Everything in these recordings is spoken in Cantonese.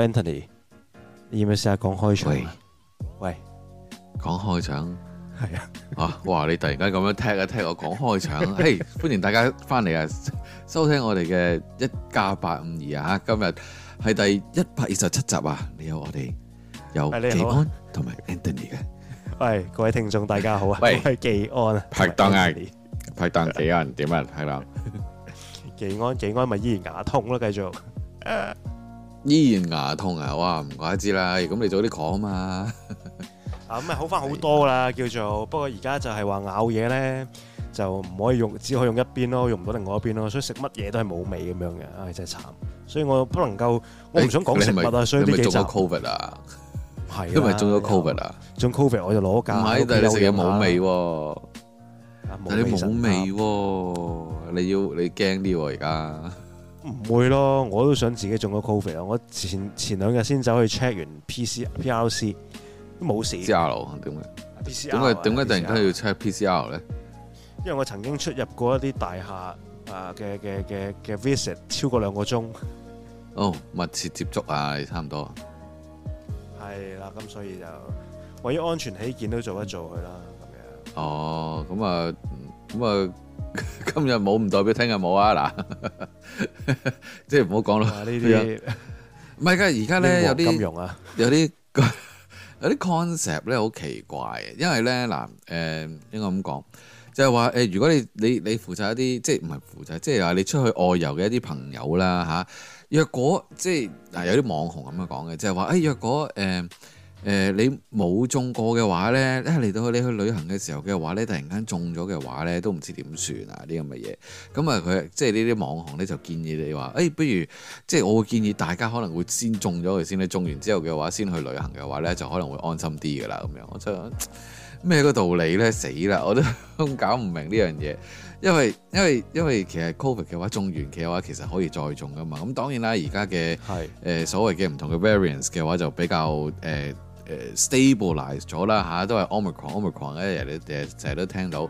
Anthony，你要唔要試下講開場？喂，講喂開場係是啊，啊，哇！你突然間咁樣聽啊聽我講開場，嘿！ hey, 歡迎大家翻嚟啊，收聽我哋嘅一家八五二啊，今日係第一百二十七集啊！你我有我哋有紀安同埋 Anthony 嘅，哎、喂，各位聽眾大家好啊，係紀喂安啊，拍檔啊，拍檔紀安點啊？拍檔，紀安紀安咪依然牙痛咯，繼續。 依然牙痛啊！哇、啊，唔怪之啦，咁你早啲講啊嘛。啊，咁咪好翻好多啦，啊、叫做。不過而家就係話咬嘢咧，就唔可以用，只可以用一邊咯，用唔到另外一邊咯。所以食乜嘢都係冇味咁樣嘅，唉、哎，真係慘。所以我不能夠，我唔想講食物啊。你你是是所以呢幾日中咗 COVID 啊，係，因為中咗 COVID 啊，中 COVID、啊、CO 我就攞架。唔係是，但係你食嘢冇味，但你冇味，你要你驚啲而家。唔會咯，我都想自己中咗 COVID 啊！我前前兩日先走去 check 完 PCR，都冇事。PCR 點解？PCR, 點解點解突然間要 check PCR 咧？因為我曾經出入過一啲大廈啊嘅嘅嘅嘅 visit 超過兩個鐘。哦，密切接觸啊，差唔多。係啦，咁所以就為咗安全起見，都做一做佢啦，咁樣。哦，咁啊，咁啊。今日冇唔代表聽日冇啊嗱，即係唔好講咯。 呢啲嘢，唔係噶，而家咧有啲金融啊有，有啲有啲 concept 咧好奇怪嘅。因為咧嗱，誒、呃，應該咁講就係話誒，如果你你你負責一啲即係唔係負責，即係話你出去外遊嘅一啲朋友啦吓、啊。若果即係嗱，有啲網紅咁樣講嘅，即係話誒，若果誒。呃誒、呃、你冇中過嘅話呢，一嚟到你去旅行嘅時候嘅話呢，突然間中咗嘅話呢，都唔知點算啊！啲咁嘅嘢，咁啊佢即係呢啲網紅呢，就建議你話，誒、欸、不如即係我會建議大家可能會先中咗佢先咧，中完之後嘅話先去旅行嘅話呢，就可能會安心啲噶啦，咁樣。我真咩個道理呢？死啦！我都搞唔明呢樣嘢，因為因為因為其實 COVID 嘅話中完，其實話其實可以再中噶嘛。咁當然啦，而家嘅誒所謂嘅唔同嘅 variants 嘅話就比較誒。呃誒 stabilize 咗啦，吓、啊，都係 Omicron，Omicron 咧，日日成日都聽到。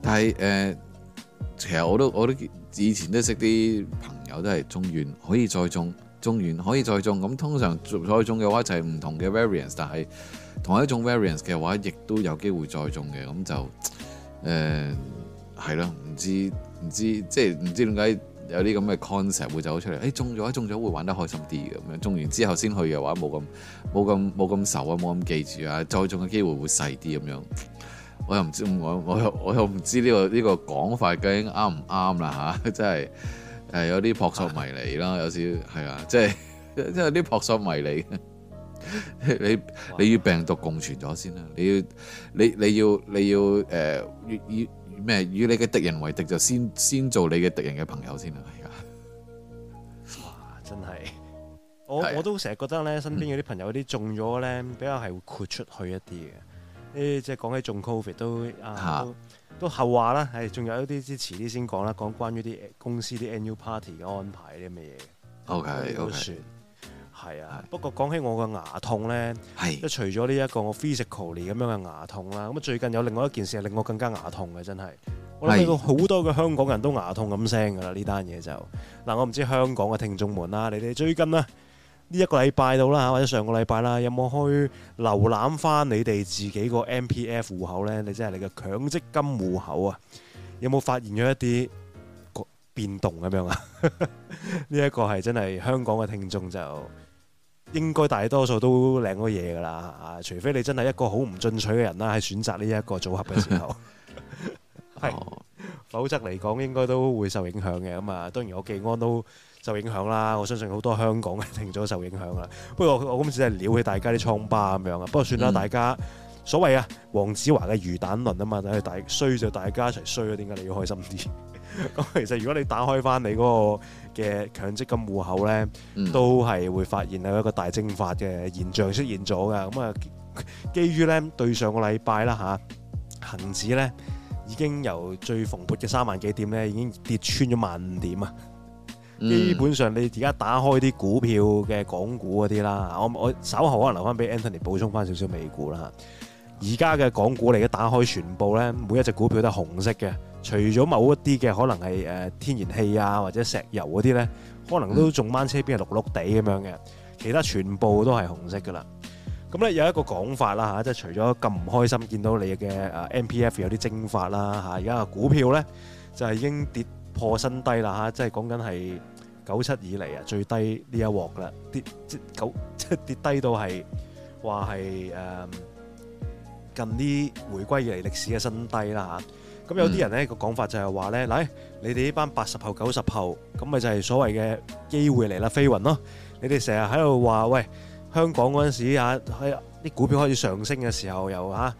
但係誒、呃，其實我都我都以前都識啲朋友都係中完可以再種，中完可以再種。咁通常再種嘅話就係唔同嘅 variants，但係同一種 variants 嘅話，亦都有機會再種嘅。咁就誒係咯，唔、呃、知唔知，知即係唔知點解。有啲咁嘅 concept 會走出嚟，誒中咗中咗會玩得開心啲咁樣，中完之後先去嘅話冇咁冇咁冇咁愁啊，冇咁記住啊，再中嘅機會會細啲咁樣。我又唔知我我我又唔知呢、這個呢、這個講法究竟啱唔啱啦吓，真係係有啲撲朔迷離啦，有少係啊，即係即係啲撲朔迷離 你哇你與病毒共存咗先啦，你要你你要你要誒要。咩？與你嘅敵人為敵，就先先做你嘅敵人嘅朋友先啊！而家，哇，真係，我的我，我都成日覺得咧，身邊有啲朋友啲、嗯、中咗咧，比較係豁出去一啲嘅。誒，即係講起中 Covid 都啊，都，的都後話啦。係，仲有一啲，支持啲先講啦。講關於啲公司啲 annual Party 嘅安排啲咁嘅嘢。OK，好算。Okay. 係啊，不過講起我個牙痛呢，即係除咗呢一個我 physical 嚟咁樣嘅牙痛啦，咁啊最近有另外一件事係令我更加牙痛嘅，真係我諗到好多嘅香港人都牙痛咁聲噶啦，呢單嘢就嗱，我唔知香港嘅聽眾們啦，你哋最近呢呢一個禮拜到啦嚇或者上個禮拜啦，有冇去瀏覽返你哋自己個 MPF 戶口呢？你即係你嘅強積金戶口啊？有冇發現咗一啲變動咁樣啊？呢一個係真係香港嘅聽眾就～應該大多數都領到嘢噶啦，除非你真係一個好唔進取嘅人啦，喺選擇呢一個組合嘅時候，係。 否則嚟講應該都會受影響嘅。咁啊，當然我記安都受影響啦。我相信好多香港停咗受影響啦。不過我今次真係撩起大家啲瘡疤咁樣啊。不過算啦、嗯，大家所謂啊，黃子華嘅魚蛋論啊嘛，等佢大衰就大家一齊衰咯。點解你要開心啲？咁 其實如果你打開翻你嗰、嗰個，嘅強積金戶口咧，都係會發現有一個大蒸發嘅現象出現咗㗎。咁啊，基於咧對上個禮拜啦嚇，恒指咧已經由最蓬勃嘅三萬幾點咧，已經跌穿咗萬五點啊。嗯、基本上你而家打開啲股票嘅港股嗰啲啦，我我稍後可能留翻俾 Anthony 補充翻少少美股啦。而家嘅港股你而家打開全部咧，每一隻股票都係紅色嘅。除咗某一啲嘅可能係誒天然氣啊或者石油嗰啲咧，可能都仲掹車邊係綠綠地咁樣嘅。嗯、其他全部都係紅色噶啦。咁咧有一個講法啦吓、啊，即係除咗咁唔開心見到你嘅誒 M P F 有啲蒸發啦吓，而、啊、家股票咧就係已經跌破新低啦吓、啊，即係講緊係九七以嚟啊最低呢一鑊啦，跌即九即跌低到係話係誒近啲回歸以嚟歷史嘅新低啦吓。啊咁有啲人咧個講法就係話咧，嗱，你哋呢班八十後、九十後，咁咪就係所謂嘅機會嚟啦，飛雲咯。你哋成日喺度話，喂，香港嗰陣時啊，啲股票開始上升嘅時候，又嚇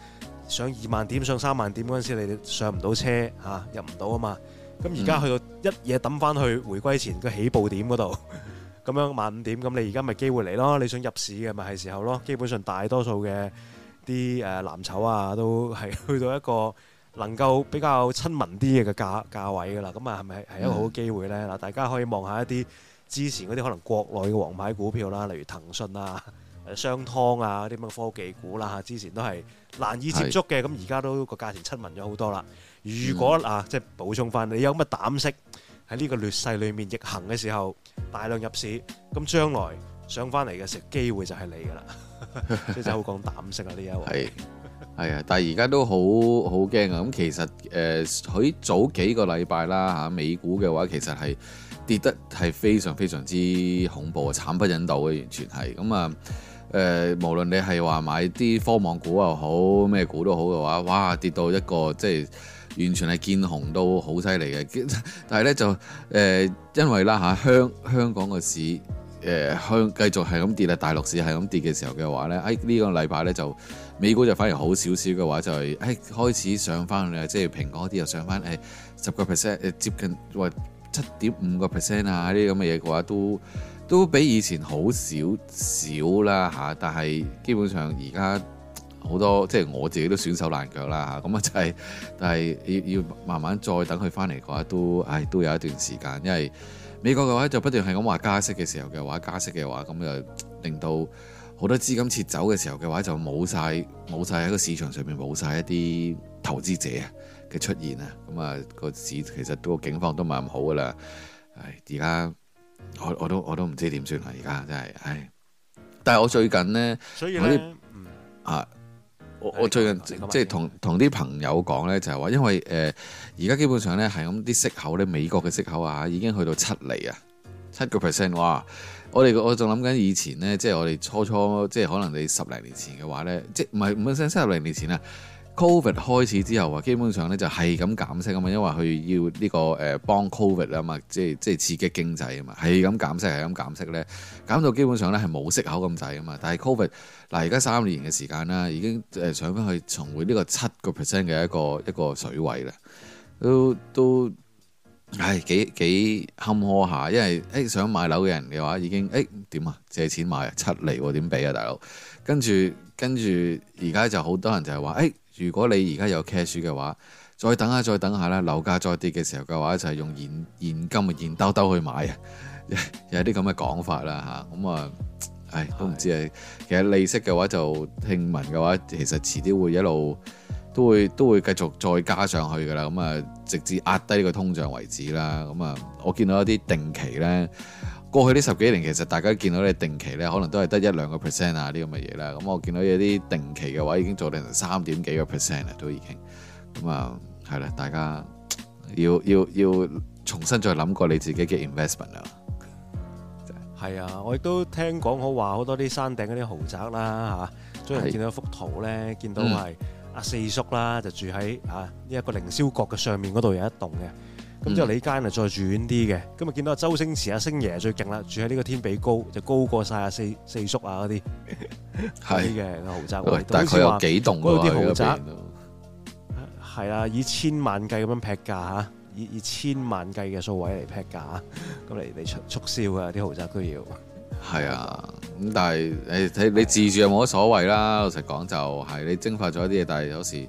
上二萬點、上三萬點嗰陣時，你哋上唔到車嚇，入唔到啊嘛。咁而家去到一嘢抌翻去回歸前個起步點嗰度，咁樣萬五點，咁你而家咪機會嚟咯？你想入市嘅咪係時候咯。基本上大多數嘅啲誒藍籌啊，都係去到一個。能夠比較親民啲嘅價價位噶啦，咁啊係咪係一個好機會呢？嗱、嗯，大家可以望下一啲之前嗰啲可能國內嘅黃牌股票啦，例如騰訊啊、商湯啊啲咁嘅科技股啦，嚇之前都係難以接觸嘅，咁而家都個價錢親民咗好多啦。如果、嗯、啊，即、就、係、是、補充翻，你有乜膽識喺呢個劣勢裡面逆行嘅時候大量入市，咁將來上翻嚟嘅時候機會就係你噶啦，即係好講膽識啊呢一位。係啊，但係而家都好好驚啊！咁其實誒喺早幾個禮拜啦嚇，美股嘅話其實係跌得係非常非常之恐怖啊，慘不忍睹嘅，完全係咁啊誒，無論你係話買啲科網股又好，咩股都好嘅話，哇跌到一個即係完全係見紅都好犀利嘅，但係咧就誒、呃、因為啦嚇香香港嘅市誒香、呃、繼續係咁跌啊，大陸市係咁跌嘅時候嘅話咧，喺呢個禮拜咧就。美股就反而好少少嘅話、就是，就係誒開始上翻啦，即係蘋果啲又上翻誒十個 percent，誒接近、哎啊、話七點五個 percent 啊呢啲咁嘅嘢嘅話，都都比以前好少少啦嚇、啊。但係基本上而家好多即係我自己都損手爛腳啦嚇，咁啊就係、是，但係要要慢慢再等佢翻嚟嘅話都，都、哎、誒都有一段時間，因為美國嘅話就不斷係咁話加息嘅時候嘅話加息嘅話，咁就令到。好多資金撤走嘅時候嘅話，就冇晒。冇晒喺個市場上面冇晒一啲投資者嘅出現啊，咁啊個市其實都景況都唔係咁好噶啦。唉，而家我我都我都唔知點算啦，而家真係唉。但係我最近呢，我啲啊，我我最近即係同同啲朋友講呢，就係話，因為誒而家基本上呢，係咁啲息口呢，美國嘅息口啊已經去到七厘啊，七個 percent 哇！我哋我仲諗緊以前呢，即係我哋初初即係可能你十零年前嘅話呢，即係唔係五 percent 十零年前啊？Covid 開始之後啊，基本上呢就係咁減息啊嘛，因為佢要呢個誒幫 Covid 啊嘛，即係即係刺激經濟啊嘛，係咁減息係咁減息呢。減到基本上呢係冇息口咁滯啊嘛。但係 Covid 嗱而家三年嘅時間啦，已經誒上翻去重回呢個七個 percent 嘅一個一個水位啦，都都。係幾幾坎坷下，因為誒想買樓嘅人嘅話，已經誒點啊借錢買啊七厘喎，點俾啊大佬，跟住跟住而家就好多人就係話誒如果你而家有 cash 嘅話，再等下再等下啦，樓價再跌嘅時候嘅話就係用現現金啊現兜兜去買啊， 有啲咁嘅講法啦吓，咁啊，唉，唉都唔知啊，的其實利息嘅話就聽聞嘅話，其實遲啲會一路。都會都會繼續再加上去㗎啦，咁啊直至壓低呢個通脹為止啦。咁啊，我見到一啲定期咧，過去呢十幾年其實大家見到你定期咧，可能都係得一兩個 percent 啊呢咁嘅嘢啦。咁我見到有啲定期嘅話已經做定成三點幾個 percent 啦，都已經。咁啊係啦，大家要要要，要重新再諗過你自己嘅 investment 啦。係啊，我亦都聽講好話，好多啲山頂嗰啲豪宅啦吓，最近係見到一幅圖咧，見到係、嗯。阿四叔啦，就住喺啊呢一個凌霄閣嘅上面嗰度有一棟嘅，咁之後你間就再住遠啲嘅，咁咪見到周星馳阿、啊、星爺最勁啦，住喺呢個天比高，就高過晒阿、啊、四四叔啊嗰啲，係嘅豪宅。但係佢有幾棟喎？嗰啲豪宅係啦，以千萬計咁樣劈價嚇，以以千萬計嘅數位嚟劈價咁嚟嚟促促銷啊，啲 豪宅都要。 係啊，咁但係誒，睇你自住又冇乜所謂啦。老實講就係、是、你蒸發咗一啲嘢，但係有時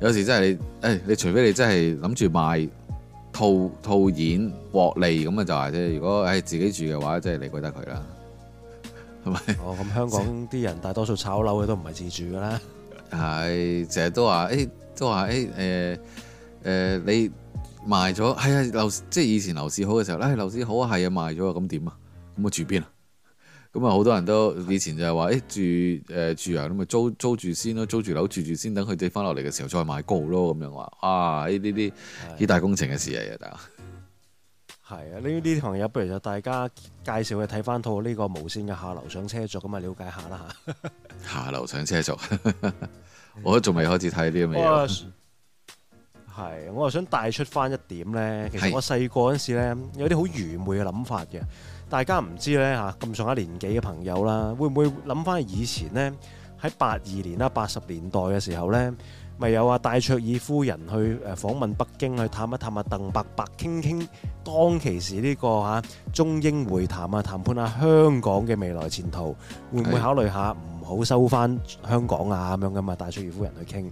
有時真係誒、哎，你除非你真係諗住賣套套現獲利咁啊，就係啫。如果誒自己住嘅話，即、就、係、是、你覺得佢啦，係咪？哦，咁香港啲人大多數炒樓嘅都唔係自住噶啦，係成日都話誒、哎，都話誒，誒、哎、誒、呃呃，你賣咗係啊？樓即係以前樓市好嘅時候，誒、哎，樓市好係啊，賣咗啊，咁點啊？咁我住邊啊？咁啊，好多人都以前就係話，誒、欸，住誒、呃、住啊，咁咪租租住先咯，租住樓住住先，等佢哋翻落嚟嘅時候再買高咯，咁樣話，啊呢啲啲啲大工程嘅事嚟嘅，係啊的，呢呢啲朋友不如就大家介紹佢睇翻套呢個無線嘅下流上車族，咁啊了解下啦吓。 下流上車族， 我仲未開始睇啲咁嘅嘢。係，我又想帶出翻一點咧，其實我細個嗰陣時咧有啲好愚昧嘅諗法嘅。大家唔知呢，嚇咁上下年紀嘅朋友啦，會唔會諗翻以前呢？喺八二年啦、八十年代嘅時候呢，咪有啊戴卓爾夫人去誒訪問北京，去探一探啊鄧伯伯，傾傾當其時呢個嚇中英會談啊，談判下香港嘅未來前途，會唔會考慮下唔好收翻香港啊咁樣噶嘛？戴卓爾夫人去傾，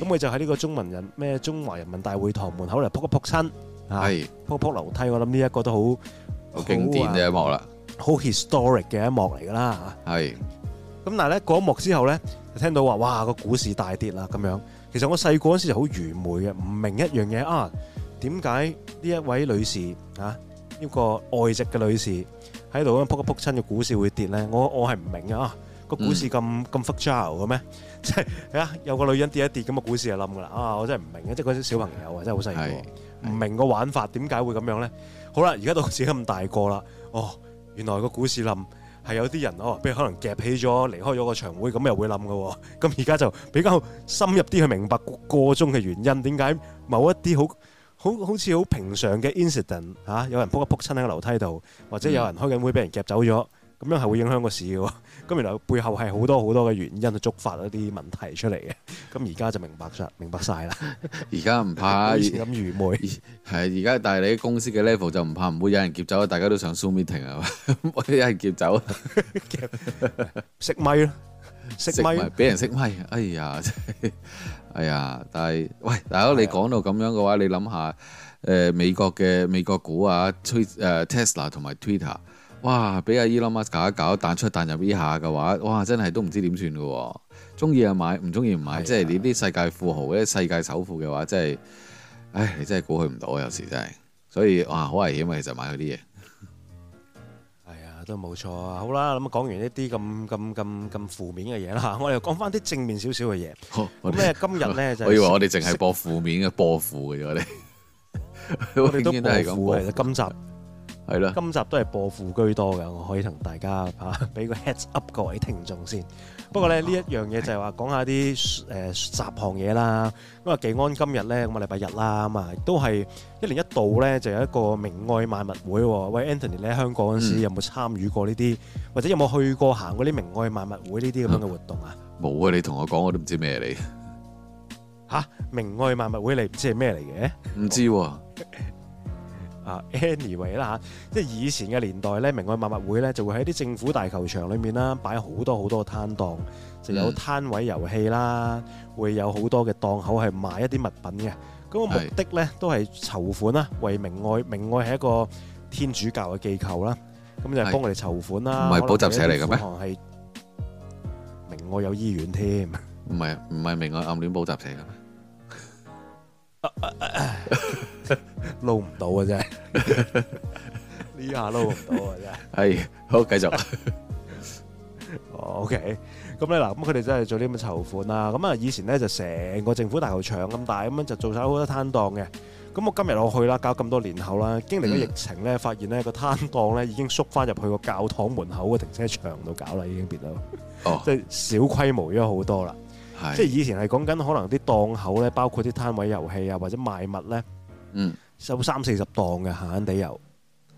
咁佢是的 就喺呢個中文人咩中華人民大會堂門口嚟撲一撲親，係是的 撲一撲樓梯。我諗呢一個都好。好經典嘅一幕啦，好 historic 嘅一幕嚟噶啦嚇。係，咁但係咧嗰一幕之後咧，就聽到話哇個股市大跌啦咁樣。其實我細個嗰時就好愚昧嘅，唔明一樣嘢啊，點解呢一位女士嚇呢個外籍嘅女士喺度咁撲一撲親嘅股市會跌咧？我我係唔明嘅啊，個股市咁咁 fragile 嘅咩？即係係啊，有個女人跌一跌咁啊，股市就冧噶啦啊！我真係唔明嘅，即係嗰啲小朋友啊，真係好細個，唔明個玩法點解會咁樣咧？好啦，而家到自己咁大個啦，哦，原來個股市冧係有啲人哦，譬如可能夾起咗離開咗個場會，咁又會冧嘅喎。咁而家就比較深入啲去明白個中嘅原因，點解某一啲好好好似好平常嘅 incident 吓、啊，有人仆一仆親喺個樓梯度，或者有人開緊會俾人夾走咗。嗯咁樣係會影響個市嘅，咁原來背後係好多好多嘅原因，去觸發一啲問題出嚟嘅。咁而家就明白晒，明白晒啦。而家唔怕咁 愚昧，係而家。但係你公司嘅 level 就唔怕，唔會有人劫走，大家都想 zoom meeting 啊，唔會有人劫走，識咪咯？識咪？俾咪人識咪？哎呀， 哎呀！但係，喂，大佬，你講到咁樣嘅話，的你諗下，誒、呃，美國嘅美國股啊，誒 Tesla 同埋 Twitter。哇！俾阿 Elon Musk 搞一搞，彈出彈入呢下嘅話，哇！真係都唔知點算㗎。中意就買，唔中意唔買。的即係你啲世界富豪嘅世界首富嘅話，真係，唉，你真係估佢唔到啊！有時真係，所以哇，好危險啊！其實買嗰啲嘢。係啊、哎，都冇錯啊。好啦，咁講完呢啲咁咁咁咁負面嘅嘢啦，我哋又講翻啲正面少少嘅嘢。咩、哦？今日咧、就是、我以為我哋淨係播負面嘅的，播負嘅啫，我 哋。我哋都係咁今集。係咯，今集都係播富居多嘅，我可以同大家嚇、啊、俾個 heads up 各位聽眾先。不過咧，呢哇一樣嘢就係話講一下啲誒雜項嘢啦。咁啊，紀安今日咧咁啊，禮拜日啦咁啊，都係一年一度咧，就有一個明愛賣物會喎、啊。喂，Anthony，你喺香港嗰陣時有冇參與過呢啲，嗯、或者有冇去過行嗰啲明愛賣物會呢啲咁樣嘅活動啊？冇、嗯、啊！你同我講我都唔知咩嚟、啊。嚇、啊！明愛賣物會你唔知係咩嚟嘅？唔知喎、啊。 啊，anyway 啦嚇，即係以前嘅年代咧，明愛賣物會咧就會喺啲政府大球場裏面啦，擺好多好多嘅攤檔，就有攤位遊戲啦，會有好多嘅檔口係賣一啲物品嘅，咁個目的咧是都係籌款啦，為明愛，明愛係一個天主教嘅機構啦，咁就幫佢哋籌款啦。唔係補習社嚟嘅咩？是明愛有醫院添，唔係，唔係明愛暗戀補習社嘅。撈唔到嘅啫，呢下撈唔到嘅啫。係好繼續。OK，咁咧嗱，咁佢哋真係做啲咁嘅籌款啦，咁啊以前咧就成個政府大球場咁大，咁樣就做晒好多攤檔嘅。咁我今日我去啦，搞咁多年後啦，經歷咗疫情咧，發現咧個攤檔咧已經縮翻入去個教堂門口嘅停車場度搞啦，已經變到，即係小規模咗好多啦。係，即係以前係講緊可能啲檔口咧，包括啲攤位遊戲啊，或者賣物咧，嗯。收三四十檔嘅，閒閒哋有，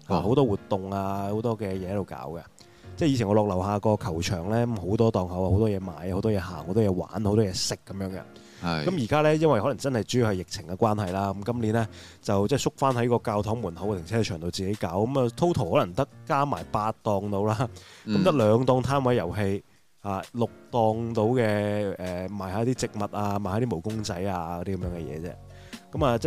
啊好多活動啊，好多嘅嘢喺度搞嘅。即係以前我落樓下個球場咧，好多檔口啊，好多嘢買，好多嘢行，好多嘢玩，好多嘢食咁樣嘅。係是。咁而家咧，因為可能真係主要係疫情嘅關係啦，咁今年咧就即係縮翻喺個教堂門口嘅停車場度自己搞。咁啊，total 可能得加埋八檔到啦，咁得兩檔攤位遊戲，啊六檔到嘅誒賣下啲植物啊，賣下啲毛公仔啊嗰啲咁樣嘅嘢啫。咁啊、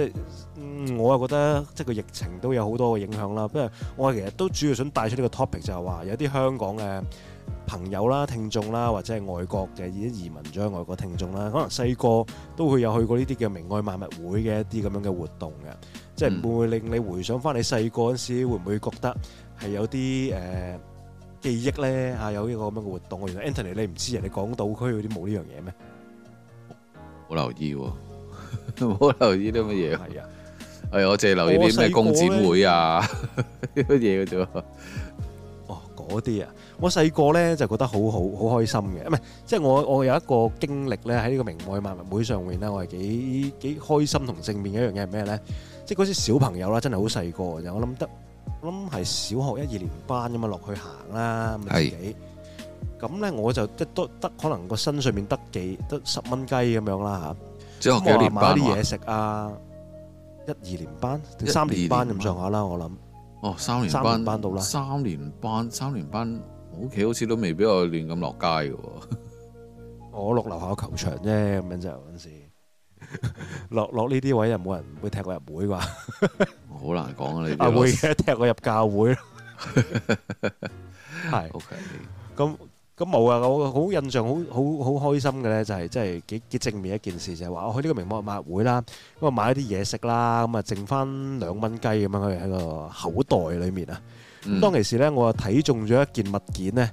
嗯，即係我又覺得即係個疫情都有好多嘅影響啦。不過我其實都主要想帶出呢個 topic，就係話有啲香港嘅朋友啦、聽眾啦，或者係外國嘅已經移民咗去外國聽眾啦，可能細個都會有去過呢啲嘅明愛賣物會嘅一啲咁樣嘅活動嘅，即係唔會，會令你回想翻你細個嗰時，會唔會覺得係有啲誒、呃、記憶咧？吓，有呢個咁樣嘅活動，原來 Anthony 你唔知人哋港島區嗰啲冇呢樣嘢咩？好留意喎、哦。唔好留意啲乜嘢？係啊，係我淨係留意啲咩工展會啊乜嘢嘅啫。哦，嗰啲啊，我細個咧就覺得好好好開心嘅，唔係，即係我我有一個經歷咧，喺呢個明愛賣物會上面咧，我係幾幾開心同正面嘅一樣嘢係咩咧？即係嗰啲小朋友啦，真係好細個嘅，我諗得我諗係小學一二年班咁啊落去行啦，咁咧我就即係得得可能個身上面得幾得十蚊雞咁樣啦吓。之即係我買啲嘢食啊，一二年班三年班咁上下啦，我諗。哦，三年班三年班到啦。三年班三年班，我屋企好似都未俾我亂咁落街㗎。 我落樓下球場啫，咁樣就嗰陣時 落。落落呢啲位又冇人會踢我入會啩？好 難講啊！你。啊會踢我入教會。係。OK。咁。咁冇啊！我好印象，好好好開心嘅咧、就係，就係真係幾幾正面一件事，就係話我去呢個明愛買，會賣物會啦，咁啊買一啲嘢食啦，咁啊剩翻兩蚊雞咁樣佢喺個口袋裏面啊。咁、嗯、當其時咧，我啊睇中咗一件物件咧，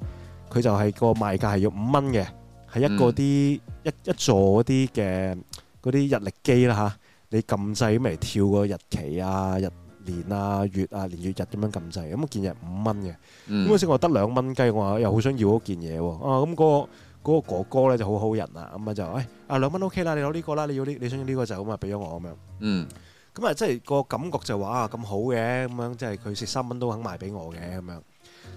佢就係個賣價係要五蚊嘅，係一個啲、嗯、一一座啲嘅嗰啲日曆機啦嚇、啊，你撳掣咁嚟跳個日期啊日。年啊月啊年月日咁樣咁制，咁件嘢五蚊嘅。咁嗰、嗯、時我得兩蚊雞，我話又好想要嗰件嘢喎。啊咁嗰、那個那個哥哥咧就好好人啊，咁、哎、啊就誒啊兩蚊 OK 啦，你攞呢個啦，你要呢你想要呢個就咁啊俾咗我咁樣。樣嗯。咁啊即係個感覺就話啊咁好嘅咁、嗯就是、樣，即係佢蝕三蚊都肯賣俾我嘅咁樣。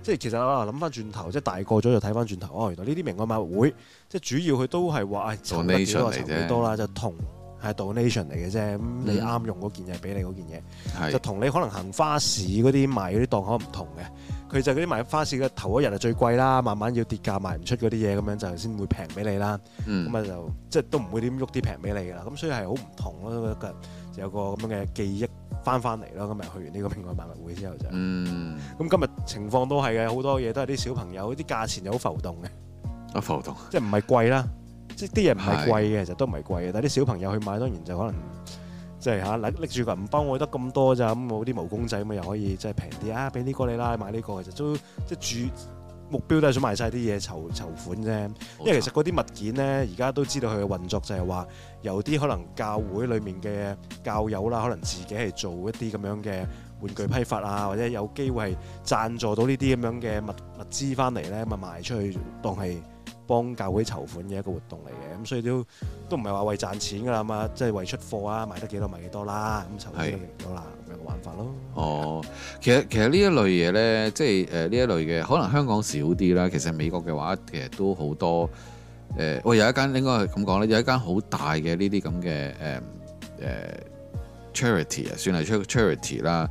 即係其實諗翻轉頭，即、就、係、是、大個咗就睇翻轉頭，哦、啊、原來呢啲明愛賣物會，即、哎、係、就是、主要佢都係話誒尋寶比較尋寶多啦，就同。係 donation 嚟嘅啫，咁你啱用嗰件嘢俾你嗰件嘢，是就同你可能行花市嗰啲賣嗰啲檔口唔同嘅，佢就嗰啲賣花市嘅頭一日係最貴啦，慢慢要跌價賣唔出嗰啲嘢咁樣就先會平俾你啦。咁啊、嗯、就即係都唔會點喐啲平俾你㗎啦。咁所以係好唔同咯。今日有個咁樣嘅記憶翻翻嚟咯。今日去完呢個明愛賣物會之後就，咁、嗯、今日情況都係嘅，好多嘢都係啲小朋友，啲價錢就好浮動嘅，啊浮動，即係唔係貴啦。即啲嘢唔係貴嘅，其實都唔係貴嘅，但係啲小朋友去買當然就可能即係嚇，搦搦住個銀包我得咁多咋，咁我啲毛公仔咁，啊又可以即係平啲啊，俾呢個你啦，買呢個，其實都即係主目標都係想賣曬啲嘢籌籌款啫。因為其實嗰啲物件咧而家都知道佢嘅運作就係話有啲可能教會裏面嘅教友啦，可能自己係做一啲咁樣嘅玩具批發啊，或者有機會係贊助到呢啲咁樣嘅物物資翻嚟咧，咪賣出去當係。幫教會籌款嘅一個活動嚟嘅，咁所以都都唔係話為賺錢㗎啦嘛，即係為出貨啊，賣得幾多賣幾多啦，咁籌款都嚟咗啦，咁是樣嘅玩法咯。哦，其實其實呢一類嘢咧，即係誒呢一類嘅，可能香港少啲啦。其實美國嘅話，其實都好多誒。喂有一間應該係咁講咧，有一間好大嘅呢啲咁嘅誒誒 charity 啊，這這呃、charity，算係 charity 啦。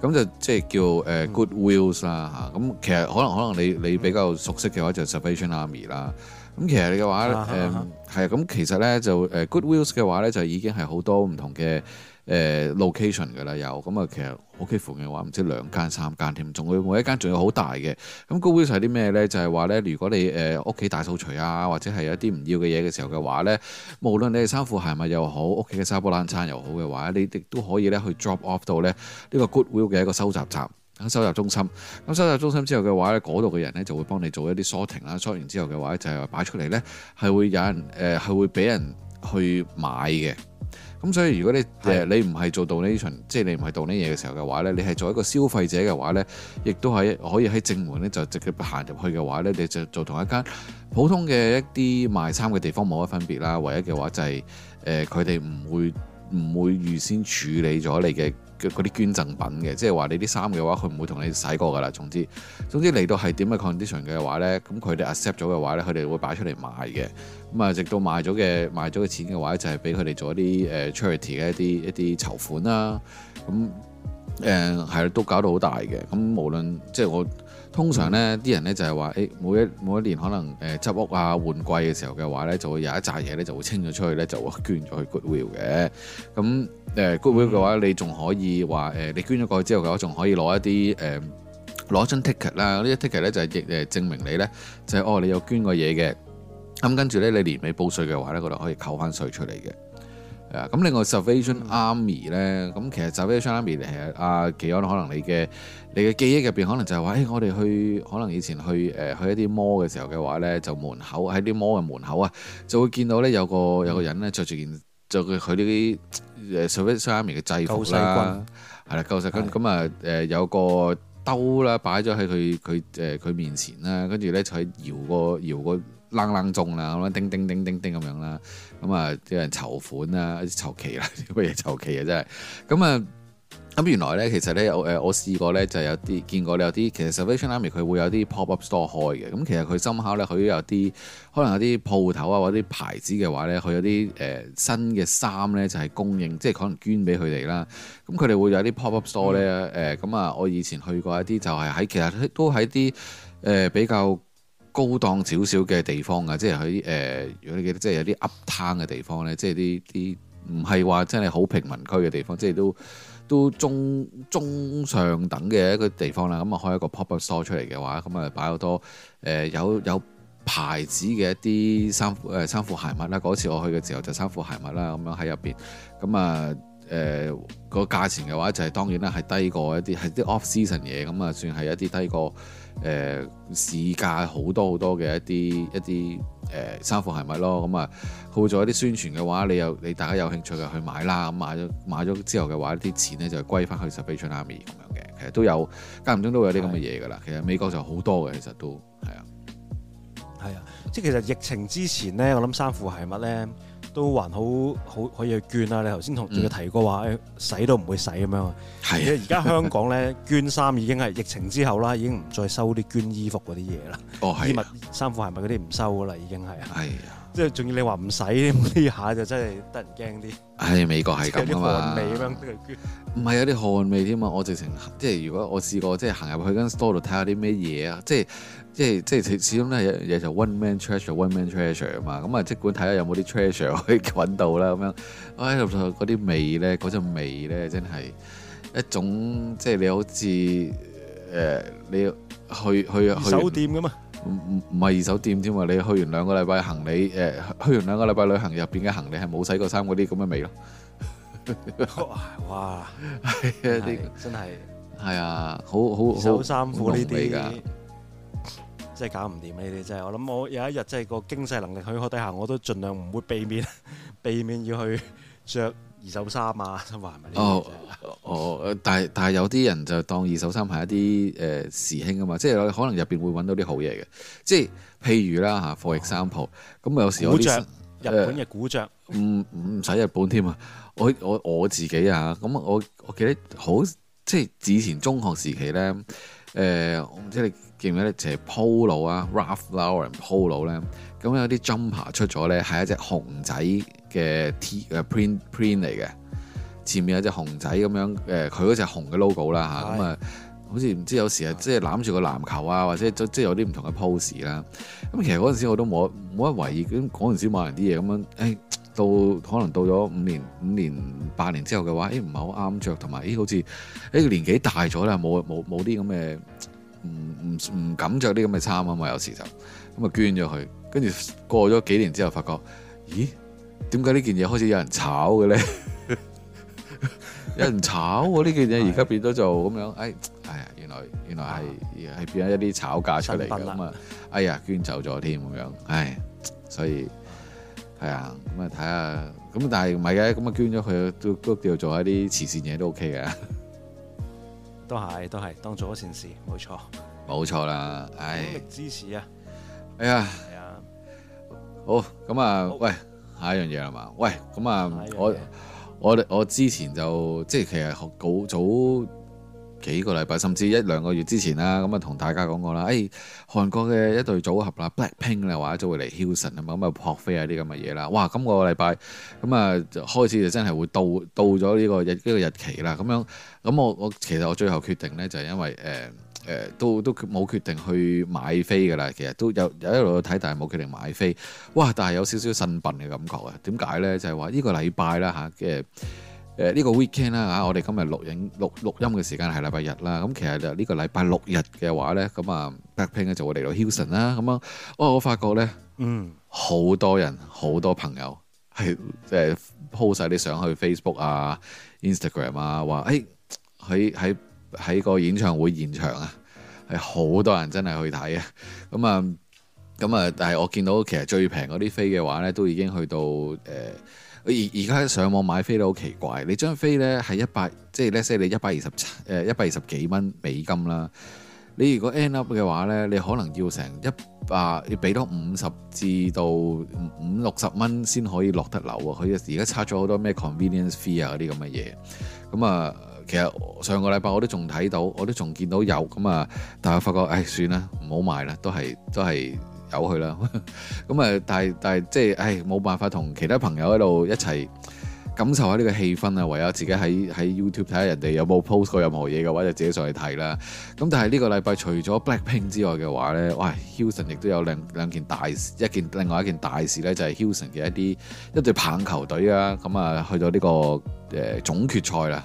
咁就即係叫誒 Goodwill、嗯、啦嚇，咁其實可能可能你你比較熟悉嘅話就 Salvation Army 啦，咁其實你嘅話誒係啊，咁、啊呃嗯、其實咧就誒 Goodwill 嘅話咧就已經係好多唔同嘅。誒、呃、location 嘅啦，又咁啊，其實好幾款嘅話，唔知兩間三間添，仲有每一間仲有好大嘅。咁 Goodwill 係啲咩呢？就係、是、話呢，如果你誒屋企大掃除啊，或者係有一啲唔要嘅嘢嘅時候嘅話呢，無論你哋衫褲鞋襪又好，屋企嘅沙煲冷餐又好嘅話，你亦都可以咧去 drop off 到呢，呢、這個 Goodwill 嘅一個收集站，收集中心。咁收集中心之後嘅話呢，嗰度嘅人呢就會幫你做一啲 sorting 啦，sorting 之後嘅話呢就係、是、擺出嚟呢，係會有人誒係、呃、會俾人去買嘅。咁所以如果你誒是、呃、你唔係做 donation，到呢即係你唔係做呢嘢嘅時候嘅話咧，你係做一個消費者嘅話咧，亦都係可以喺正門咧就直接行入去嘅話咧，你就做同一間普通嘅一啲賣衫嘅地方冇乜分別啦。唯一嘅話就係誒佢哋唔會唔會預先處理咗你嘅。嗰啲捐贈品嘅，即係話你啲衫嘅話，佢唔會同你洗過噶啦。總之，總之嚟到係點嘅 condition 嘅話呢，咁佢哋 accept 咗嘅話呢，佢哋會擺出嚟賣嘅。咁啊，直到賣咗嘅賣咗嘅錢嘅話，就係俾佢哋做一啲誒、呃、charity 嘅一啲一啲籌款啦、啊。咁誒係都搞到好大嘅。咁、嗯、無論即係我通常呢啲人呢，就係話，誒每一每一年可能誒、呃、執屋啊換季嘅時候嘅話呢，就會有一紮嘢呢，就會清咗出去呢，就會捐咗去 Goodwill 嘅。咁、嗯嗯嗯誒，Goodwill 嘅話，嗯、你仲可以話誒、呃，你捐咗過去之後嘅話，仲可以攞一啲誒，攞、呃、張 ticket 啦。呢啲 ticket 咧就係、是、誒證明你咧，就係、是、哦，你有捐過嘢嘅。咁跟住咧，你年尾報稅嘅話咧，嗰度可以扣翻稅出嚟嘅。誒、嗯，咁另外 Salvation Army 咧，咁、嗯、其實 Salvation Army、啊、其實阿記安可能你嘅你嘅記憶入邊可能就係話，誒、哎，我哋去可能以前去誒、呃、去一啲摩嘅時候嘅話咧，就門口喺啲摩嘅門口啊，就會見到咧有個有個人咧着住件。就佢佢呢啲誒救世軍嘅制服啦，係啦，救世軍咁。咁啊誒有個兜啦，擺咗喺佢佢誒佢面前啦，跟住咧就喺搖個搖個啷啷鐘啦，咁樣叮叮叮叮叮咁樣啦，咁啊啲人籌款啊，籌旗啦，啲乜嘢籌旗啊，真係咁啊！咁原來咧，其實咧，我誒我試過咧，就有啲見過有啲，其實 Salvation Army 佢會有啲 pop up store 開嘅。咁其實佢心口咧，佢有啲可能有啲鋪頭啊，或者牌子嘅話咧，佢有啲誒、呃、新嘅衫咧，就係、是、供應，即係可能捐俾佢哋啦。咁佢哋會有啲 pop up store 咧，誒、呃、咁啊！我以前去過一啲，就係喺其實都喺啲誒比較高檔少少嘅地方啊，即係喺誒，如果你記得，即係有啲 uptown 嘅地方咧，即係啲啲唔係話真係好平民區嘅地方，即係都。呃都中中上等嘅一個地方啦，咁、嗯、啊開一個 pop-up store 出嚟嘅話，咁啊擺好多誒、呃、有有牌子嘅一啲衫誒、衫、呃、褲鞋襪啦。嗰次我去嘅時候就衫褲鞋襪啦，咁樣喺入邊，咁啊誒個價錢嘅話就係、係、當然啦，係低過一啲係啲 off-season 嘢，咁啊、嗯、算係一啲低過。誒市價好多好多嘅一啲一啲誒衫褲鞋襪咯，咁啊佢會做一啲宣傳嘅話，你有你大家有興趣嘅去買啦，咁買咗買咗之後嘅話，啲錢咧就歸翻去 Salvation Army 咁樣嘅，其實都有間唔中都會有啲咁嘅嘢噶啦，是的 其實美國就好多嘅，其實都係啊，係啊，即係其實疫情之前咧，我諗衫褲鞋襪咧。都還好好可以去捐啦！你頭先同佢提過話、嗯哎，洗都唔會洗咁樣。係、啊，而家香港咧 捐衫已經係疫情之後啦，已經唔再收啲捐衣服嗰啲嘢啦。哦，衣、啊、物、衫褲係咪嗰啲唔收噶啦？已經係啊。啊。即係仲要你話唔使呢下就真係得人驚啲，唉、哎，美國係咁啊嘛，唔係 有啲汗味添嘛。我直情即係如果我試過即係行入去間 store 度睇下啲咩嘢啊，即係即係即係始始終咧有樣嘢就 one man treasure，one man treasure 啊嘛，咁啊即管睇下有冇啲 treasure 可以揾到啦咁樣，哇、哎！嗰啲味咧，嗰、那、陣、個、味咧真係一種即係你好似誒、呃、你要去去去。去酒店咁嘛。唔唔唔係二手店添啊！你去完兩個禮拜行李，誒，去完兩個禮拜旅行入邊嘅行李係冇洗過衫嗰啲咁嘅味咯。哇，呢啲真係係啊，好好好衫褲呢啲，真係搞唔掂呢啲真係。我諗我有一日真係個經濟能力許可底下，我都盡量唔會避免避免要去着。二手衫啊，都話係咪？哦，哦，但係但係有啲人就當二手衫係一啲誒時興啊嘛，即係可能入邊會揾到啲好嘢嘅，即係譬如啦 for example，咁伎 8. 有時古著日本嘅古著，欸，唔唔使日本添啊！我我我自己啊，咁我我記得好，即係之前中學時期咧，誒，欸，我唔知你記唔記得，就係 Polo 啊，Ralph Lauren Polo 咧，咁有啲 jumper 出咗咧，係一隻熊仔。嘅 T 誒 print 嚟嘅，前面有隻熊仔咁樣誒，佢、呃、嗰隻熊嘅 logo 啦嚇咁啊，好似唔知有時啊，即係攬住個籃球啊，或者即即有啲唔同嘅 pose 啦。咁、嗯嗯嗯、其實嗰陣時我都冇冇一懷疑咁嗰陣時買人啲嘢咁樣誒、哎，到可能到咗五年五年八年之後嘅話，誒唔係好啱着。同埋誒好似誒年紀大咗啦，冇冇冇啲咁嘅唔唔唔敢着啲咁嘅衫啊嘛，有時就咁啊、嗯、捐咗佢，跟住過咗幾年之後發覺咦？點解呢件嘢開始有人炒嘅咧？有人炒呢件嘢而家變咗做咁樣，哎，係啊，原來原來係係變咗一啲炒價出嚟嘅咁啊！哎呀，捐走咗添咁樣，唉，所以係啊，咁啊睇下，咁但係唔係嘅，咁啊捐咗佢都都叫做做一啲慈善嘢都 OK 嘅，都係都係當做咗善事，冇錯，冇錯啦，唉，支持啊，哎呀，係啊，好，咁啊，喂。下一樣嘢係嘛？喂，咁啊，我我我之前就即係其實好早幾個禮拜，甚至一兩個月之前啦，咁啊同大家講過啦。誒、哎，韓國嘅一隊組合啦，Blackpink 啦，或者會嚟 Hilton 啊，咁啊，撲飛啊啲咁嘅嘢啦。哇，今個禮拜咁啊，就開始就真係會到到咗呢個日呢、呢個日期啦。咁樣咁我我其實我最後決定咧，就係、是、因為誒。呃誒都都冇決定去買飛噶啦，其實都有有一路睇，但係冇決定買飛。哇！但係有少少震憤嘅感覺、就是、啊？點解咧？就係話呢個禮拜啦嚇，誒誒呢個 weekend 啦嚇，我哋今日錄影錄錄音嘅時間係禮拜日啦。咁、啊、其實呢個禮拜六日嘅話咧，咁啊，Blackpink 就會嚟到 Hilton 啦、啊。咁樣哇！我發覺咧，嗯，好多人好多朋友係即係鋪晒啲上去 Facebook 啊、Instagram 啊，話誒喺喺。欸喺個演唱會現場啊，係好多人真係去睇啊。咁、嗯、啊，咁、嗯、啊，但係我見到其實最平嗰啲飛嘅話咧，都已經去到誒。而而家上網買飛都好奇怪，你張飛咧係一百，即係咧即係你一百二十、呃、一百二十幾蚊美金啦。你如果 end up 嘅話咧，你可能要成一百要俾多五十至到五六十蚊先可以落得樓啊。佢而家差咗好多咩 convenience fee 啊嗰啲咁嘅嘢，咁啊。嗯嗯。其實上個禮拜我都仲睇到，我都仲見到有咁啊，但係發覺誒，算啦，唔好賣啦，都係都係由佢啦。咁 啊，但係但係即係誒，冇辦法同其他朋友喺度一齊感受下呢個氣氛啊，唯有自己喺喺 YouTube 睇下人哋有冇 post 過任何嘢嘅話，就自己上去睇啦。咁但係呢個禮拜除咗 Blackpink 之外嘅話呢，喂，Houston 亦都有兩兩件大事，一件另外一件大事呢，就係、是、Houston 嘅一啲一隊棒球隊啊，咁、嗯、啊，去咗呢、這個誒、呃、總決賽啦。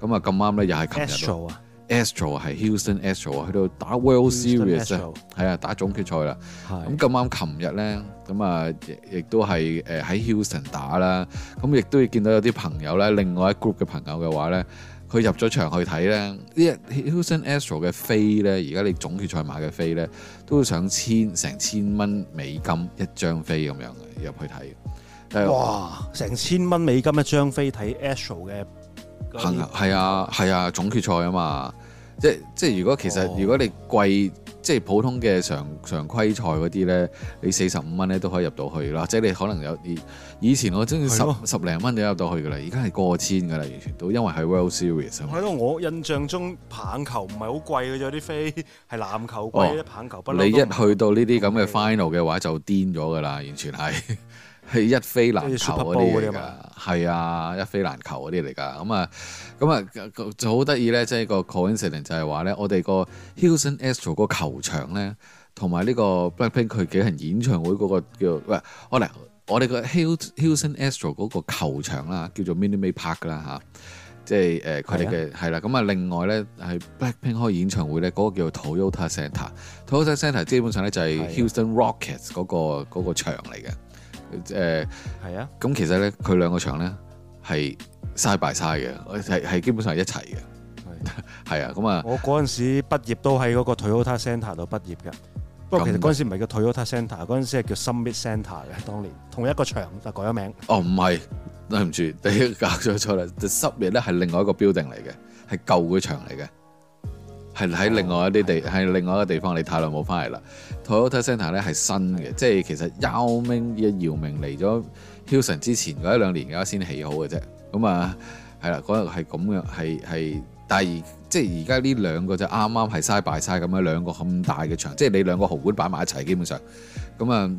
咁啊咁啱咧，又係琴日啊，Astro 啊，係 Houston Astro 啊，去到打 World Series 啊，係啊，打總決賽啦。咁咁啱，琴日咧，咁啊，亦都係誒喺 Houston 打啦。咁亦都要見到有啲朋友咧，另外一 group 嘅朋友嘅話咧，佢入咗場去睇咧，啲 Houston Astro 嘅飛咧，而家你總決賽買嘅飛咧，都上千成千蚊美金一張飛咁樣嘅入去睇。哇！成千蚊美金一張飛睇 Astro 嘅～行係憑憑啊係啊，總決賽啊嘛！即即如果其實如果你貴，oh. 即係普通嘅常常規賽嗰啲咧，你四十五蚊咧都可以入到去啦。即你可能有以前我中意十的十零蚊就入到去噶啦，而家係過千噶啦，完全都因為係 World Series。係咯，我印象中棒球唔係好貴嘅，有啲飛係籃球貴、oh. 棒球不。你一去到呢啲咁嘅 final 嘅話，就癲咗噶啦，完全係。 係一飛籃球啲噶，係啊，一飛籃球啲嚟噶。咁啊，咁啊，就好得意咧，即係個 coincidence 就係話咧，我哋個、那個哎、Houston Astro 個球場咧，同埋呢個 Blackpink 佢舉行演唱會個叫喂，我嗱，我哋個 Houston Astro 個球場啦，叫做 Minute Maid Park 啦，吓，即係誒佢哋嘅係啦。咁啊，另外咧，係 Blackpink 開演唱會咧，那個叫 Toyota Center，Toyota Center 基本上咧就係 Houston Rockets，那個是、啊，那個那個場嚟嘅。誒係、呃、啊，咁其實咧，佢兩個場咧係嘥敗嘥嘅，係係的基本上係一齊嘅，係啊的，咁啊， 我嗰陣時畢業都喺嗰個 Toyota center 度畢業嘅，不過其實嗰陣時唔係叫 Toyota center，嗰陣時係叫 Summit center 嘅，當年同一個場，但改咗名。哦，唔係，對唔住，第搞錯咗啦，濕嘢咧係另外一個 building 嚟嘅，係舊嘅場嚟嘅，係喺另外一啲地，係、哦、的另外一個地方，你太耐冇翻嚟啦。凱爾特中心咧係新嘅，即係其實姚明嘅姚明嚟咗 Hillson 之前嗰一兩年嘅話先起好嘅啫。咁啊係啦，嗰日係咁樣係係，但係即係而家呢兩個就啱啱係嘥敗嘥咁樣兩個咁大嘅場，即係你兩個豪館擺埋一齊，基本上咁啊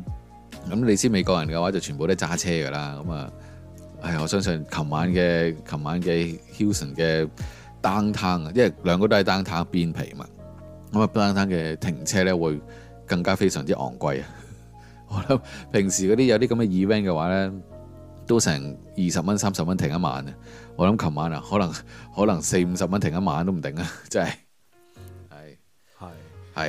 咁你先美國人嘅話就全部都揸車㗎啦。咁啊係我相信琴晚嘅琴晚嘅 Hillson 嘅丹坦啊，因為兩個都係丹坦邊皮啊嘛。咁啊丹坦嘅停車咧會。更加非常之昂貴啊！ 我諗平時啲有啲咁嘅 event 嘅話咧，都成二十蚊、三十蚊停一晚啊！我諗琴晚啊，可能可能四五十蚊停一晚都唔定 是是啊！真係，係係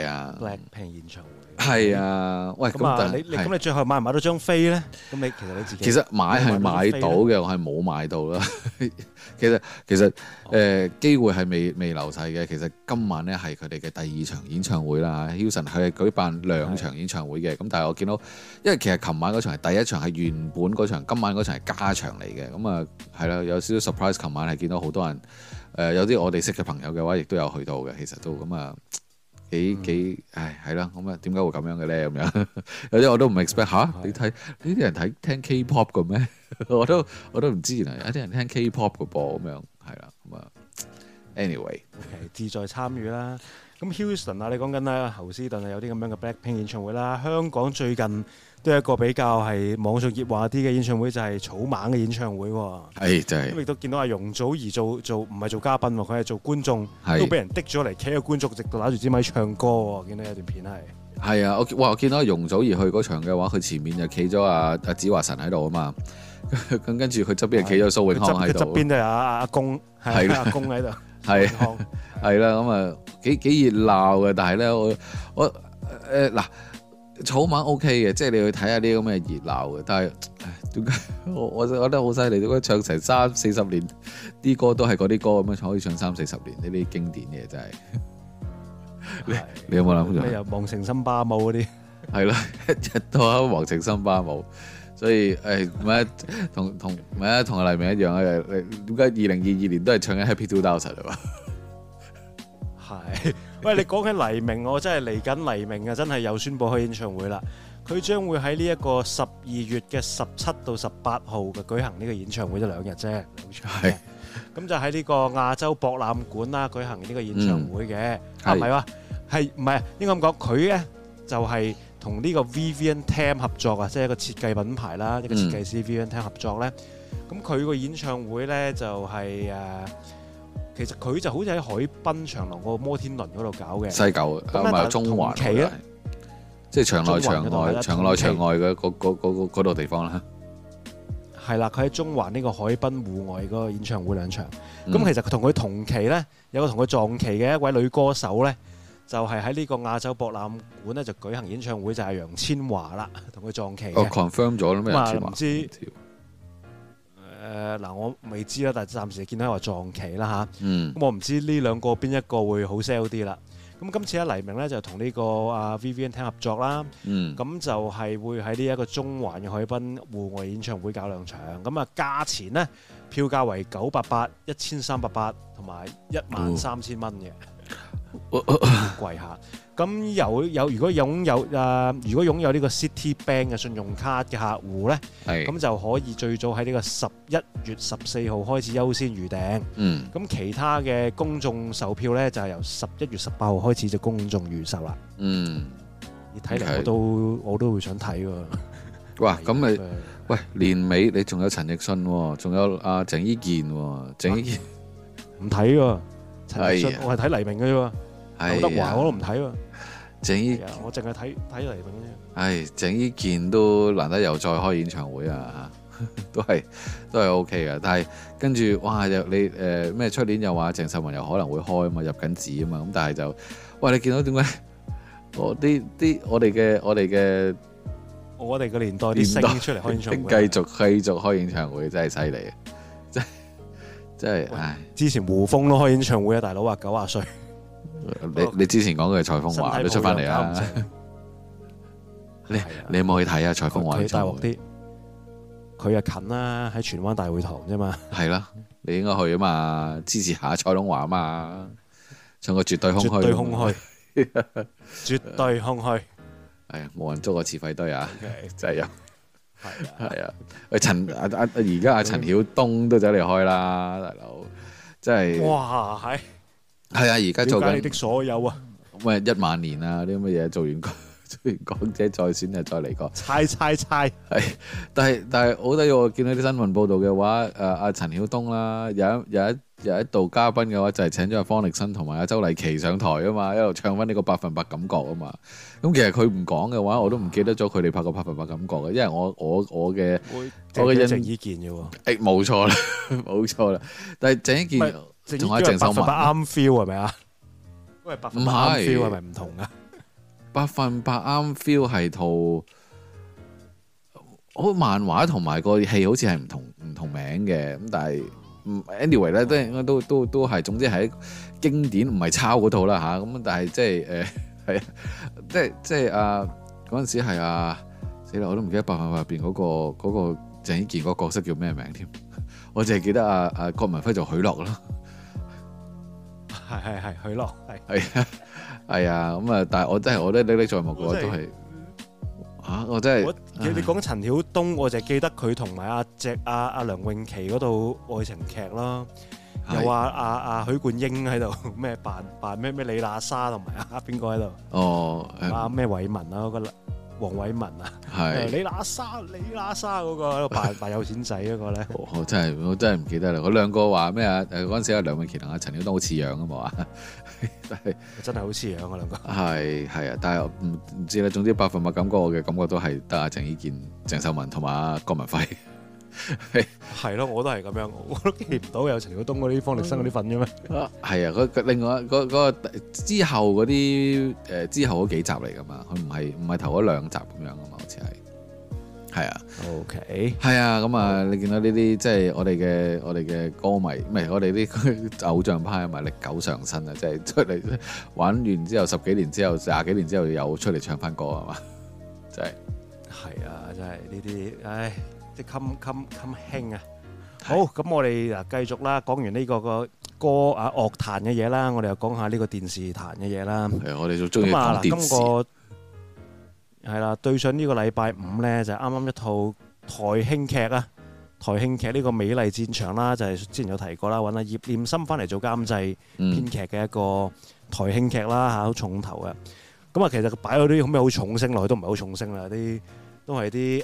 係啊！Blackpink 現場。係啊，喂，咁、嗯、但你但你咁你是最後買唔買到張飛咧？咁你其實你自己其實買係買到嘅，我係冇買到啦。 其實其實誒機會係未未流逝嘅。其實今晚咧係佢哋嘅第二場演唱會啦嚇。Hilton 佢係舉辦兩場演唱會嘅，咁、嗯、但係我見到，因為其實琴晚嗰場係第一場，係、嗯、原本嗰場，今晚嗰場係加場嚟嘅。咁啊係啦，有少少 surprise。琴晚係見到好多人，誒、呃、有啲我哋識嘅朋友嘅話，亦都有去到嘅。其實都咁啊。嗯嗯。幾幾，唉，係啦，咁啊， 點解會咁樣嘅咧？咁樣有啲我都唔 expect 吓，你睇呢啲人睇聽 K-pop 嘅咩？ 我都我都唔知原來有啲人聽 K-pop 嘅噃，咁樣係啦，咁啊 ，anyway，自、okay, 志在參與啦。咁 Houston 啊，你講緊啦，侯斯頓啊，有啲咁樣嘅 Blackpink 演唱會啦，香港最近。都一個比較係網上熱話啲嘅演唱會，係就係草蜢嘅演唱會。係就係亦都見到阿容祖兒做做唔係做，做嘉賓喎，佢係做觀眾，是都俾人滴咗嚟企喺個觀眾席度攬住支咪唱歌喎。見到有段片係係啊，我哇見到阿容祖兒去嗰場嘅話，佢前面就企咗阿阿子華神喺度 啊嘛。咁跟住佢側邊係企咗蘇永康喺度，側邊都係阿阿公係、啊 啊、阿公喺度，係係、呃、啦。咁啊幾幾熱鬧嘅，但係咧我我誒嗱。草蜢 O K 嘅，即係你去睇下啲咁嘅熱鬧嘅，但係點解我我就覺得好犀利？點解唱成三四十年啲歌都係嗰啲歌咁樣可以唱三四十年呢啲經典嘅真係？ 你，唉你有冇諗住？咩？忘情森巴舞嗰啲係囉，一日都喺忘情森巴舞，所以誒，唔係同同唔係啊，同黎明一樣啊，點解二零二二年都係唱 Happy 2000，《Happy To Dance》喂，你講起黎明，我真係嚟緊黎明啊！真係又宣布開演唱會啦。佢將會喺呢一個十二月嘅十七到十八號嘅舉行呢個演唱會，一兩日啫。係。咁就喺呢個亞洲博覽館啦舉行呢個演唱會嘅。啊，係咪哇，係唔係？應該咁講，佢咧就係同呢個 Vivienne Tam 合作啊，即係一個設計品牌啦，一個設計師 Vivienne Tam 合作咧。咁佢個演唱會咧就係誒。其實佢就好似喺海濱長廊個摩天輪嗰度搞嘅，西九啊，唔係中環嗰度，即係場內場內、場內場外嘅嗰嗰嗰嗰嗰度地方啦。係啦，佢喺中環呢個海濱戶外嗰個演唱會兩場。咁其實佢同佢同期咧，有個同佢撞期嘅一位女歌手咧，就係喺呢個亞洲博覽館咧就舉行演唱會，就係楊千嬅啦，同佢撞期。我 confirm 咗啦咩？唔知？誒嗱、呃，我未知啦，但係暫時見到話撞期啦嚇，咁、啊嗯嗯、我唔知呢兩個邊一個會好 sell 啲啦。咁、嗯嗯、今次咧黎明咧就同呢、呢個阿、啊、Vivian 聽合作啦，咁、啊嗯、就係會喺呢一個中環嘅海濱戶外演唱會搞兩場，咁、嗯、啊價錢呢，票價為九百八、一千三百八同埋一萬三千蚊嘅，貴下。咁有有如果擁有啊，如果擁有呢個 CityBank 嘅信用卡嘅客戶咧，咁就可以最早喺呢個十一月十四號開始優先預訂。嗯，咁其他嘅公眾售票咧就係由十一月十八號開始就公眾預售啦。嗯，你睇嚟我都我都會想睇喎。哇，咁咪喂，年尾你仲有陳奕迅，仲有啊鄭伊健，鄭伊健唔睇喎，陳奕迅我係睇黎明嘅啫喎。劉德華、哎、呀我都唔睇喎，鄭伊，健、哎，我淨係睇睇黎明啫。唉，鄭伊健都難得又再開演唱會啊， 都係都係 O K 噶。但係跟住哇，又你誒咩？出、呃、年又話鄭秀文又可能會開啊嘛，入緊紙啊嘛。咁但係就哇，你見到點解、哦、我啲啲我哋嘅我哋嘅我哋嘅年代啲星出嚟開演唱會，繼續繼續開演唱會真係犀利，真真係唉！之前胡楓都開演唱會啊，大佬話九啊歲。 你你之前講嘅蔡楓華，你都出翻嚟啊？你有冇去睇啊？蔡楓華喺大佢就近啦，喺荃灣大會堂啫嘛。係啦，你應該去啊嘛，支持下蔡東華啊嘛，唱個絕對空虛，絕對空虛，絕對空虛。係啊，冇人租個自費堆啊，真係有。係啊，係啊，喂，陳而家阿陳曉東都走嚟開啦，大佬，真係。哇，係。係啊，而家做緊你的所有啊，咁咪一萬年啊啲咁嘅嘢做完，做完講者再選就再嚟過，猜，猜猜猜。係，但係但係好得意，我見到啲新聞報道嘅話，誒、啊、阿、啊、陳曉東啦、啊，有一有一有一度嘉賓嘅話就係、是、請咗阿方力申同埋阿周麗淇上台啊嘛，一路唱翻呢個百分百感覺啊嘛。咁其實佢唔講嘅話，我都唔記得咗佢哋拍過百分百感覺嘅，因為我我我嘅我嘅印象鄭伊健嘅誒冇錯啦，冇錯啦，但係鄭伊健。但仲阿鄭秀文唔啱 feel 係咪啊？唔係 feel 係咪唔同啊？百分百啱 feel 係套漫畫好漫畫同埋個戲好似係唔同唔同名嘅咁，但係 anyway 咧，都都都都係，總之係經典，唔係抄嗰套啦吓。咁、啊、但係即係誒，係、欸、即係即係阿嗰陣時係阿死啦！我都唔記得百分百入邊嗰個嗰、嗰個鄭伊健個角色叫咩名添？我淨係記得阿、啊、阿、啊、郭文輝做許樂咯。啊係係係，許樂係係啊，係啊，咁啊！但係我真係我都歷歷在目嘅都係嚇，我真係。你講陳曉東， 我就係記得佢同埋阿只阿阿梁詠琪嗰套愛情劇啦，的又話阿阿許冠英喺度咩扮扮咩咩李娜莎同埋阿邊個喺度哦，阿咩、啊嗯、偉文啦嗰個。我覺得王偉文啊，係是李娜莎、李娜莎嗰個白白有錢仔嗰個咧， 我真係我真係唔記得啦。嗰兩個話咩啊？誒嗰陣時阿梁詠琪同阿陳曉東都好似樣啊嘛，係真係好似樣啊兩個，係係啊，但係唔唔知啦。總之百分，之百，分之百感覺我嘅感覺都係，得阿鄭伊健、鄭秀文同埋阿郭文輝。係係咯，我都係咁樣，我都記唔到有陳曉東嗰啲、方力申嗰啲份啫咩？係 啊，啊，另外嗰嗰個之後嗰啲誒，之後嗰、呃、幾集嚟噶嘛，佢唔係唔係頭嗰兩集咁樣噶嘛，好似係係啊。OK，係啊，咁啊，Okay. 你見到呢啲即係我哋嘅 我哋嘅歌迷，唔係我哋啲偶像派咪歷久常新啊，即、就、係、是、出嚟玩完之後，十幾年之後，廿幾年之後又出嚟唱翻歌啊嘛，即係係啊，真係呢啲唉。 即係冚冚冚輕啊！好，咁我哋嗱繼續啦。講完呢個個歌啊樂壇嘅嘢啦，我哋又講下呢個電視壇嘅嘢啦。係啊，我哋都中意講電視。咁啊，嗱，今個係啦，對上呢個禮拜五咧，就啱啱一套台慶劇啊，台慶劇呢個《美麗戰場》啦，就係之前有提過啦，揾阿葉念琛翻嚟做監製編劇嘅一個台慶劇啦嚇，好重頭啊。咁啊，其實擺嗰啲咩好重聲落去都唔係好重聲啦，啲都係啲。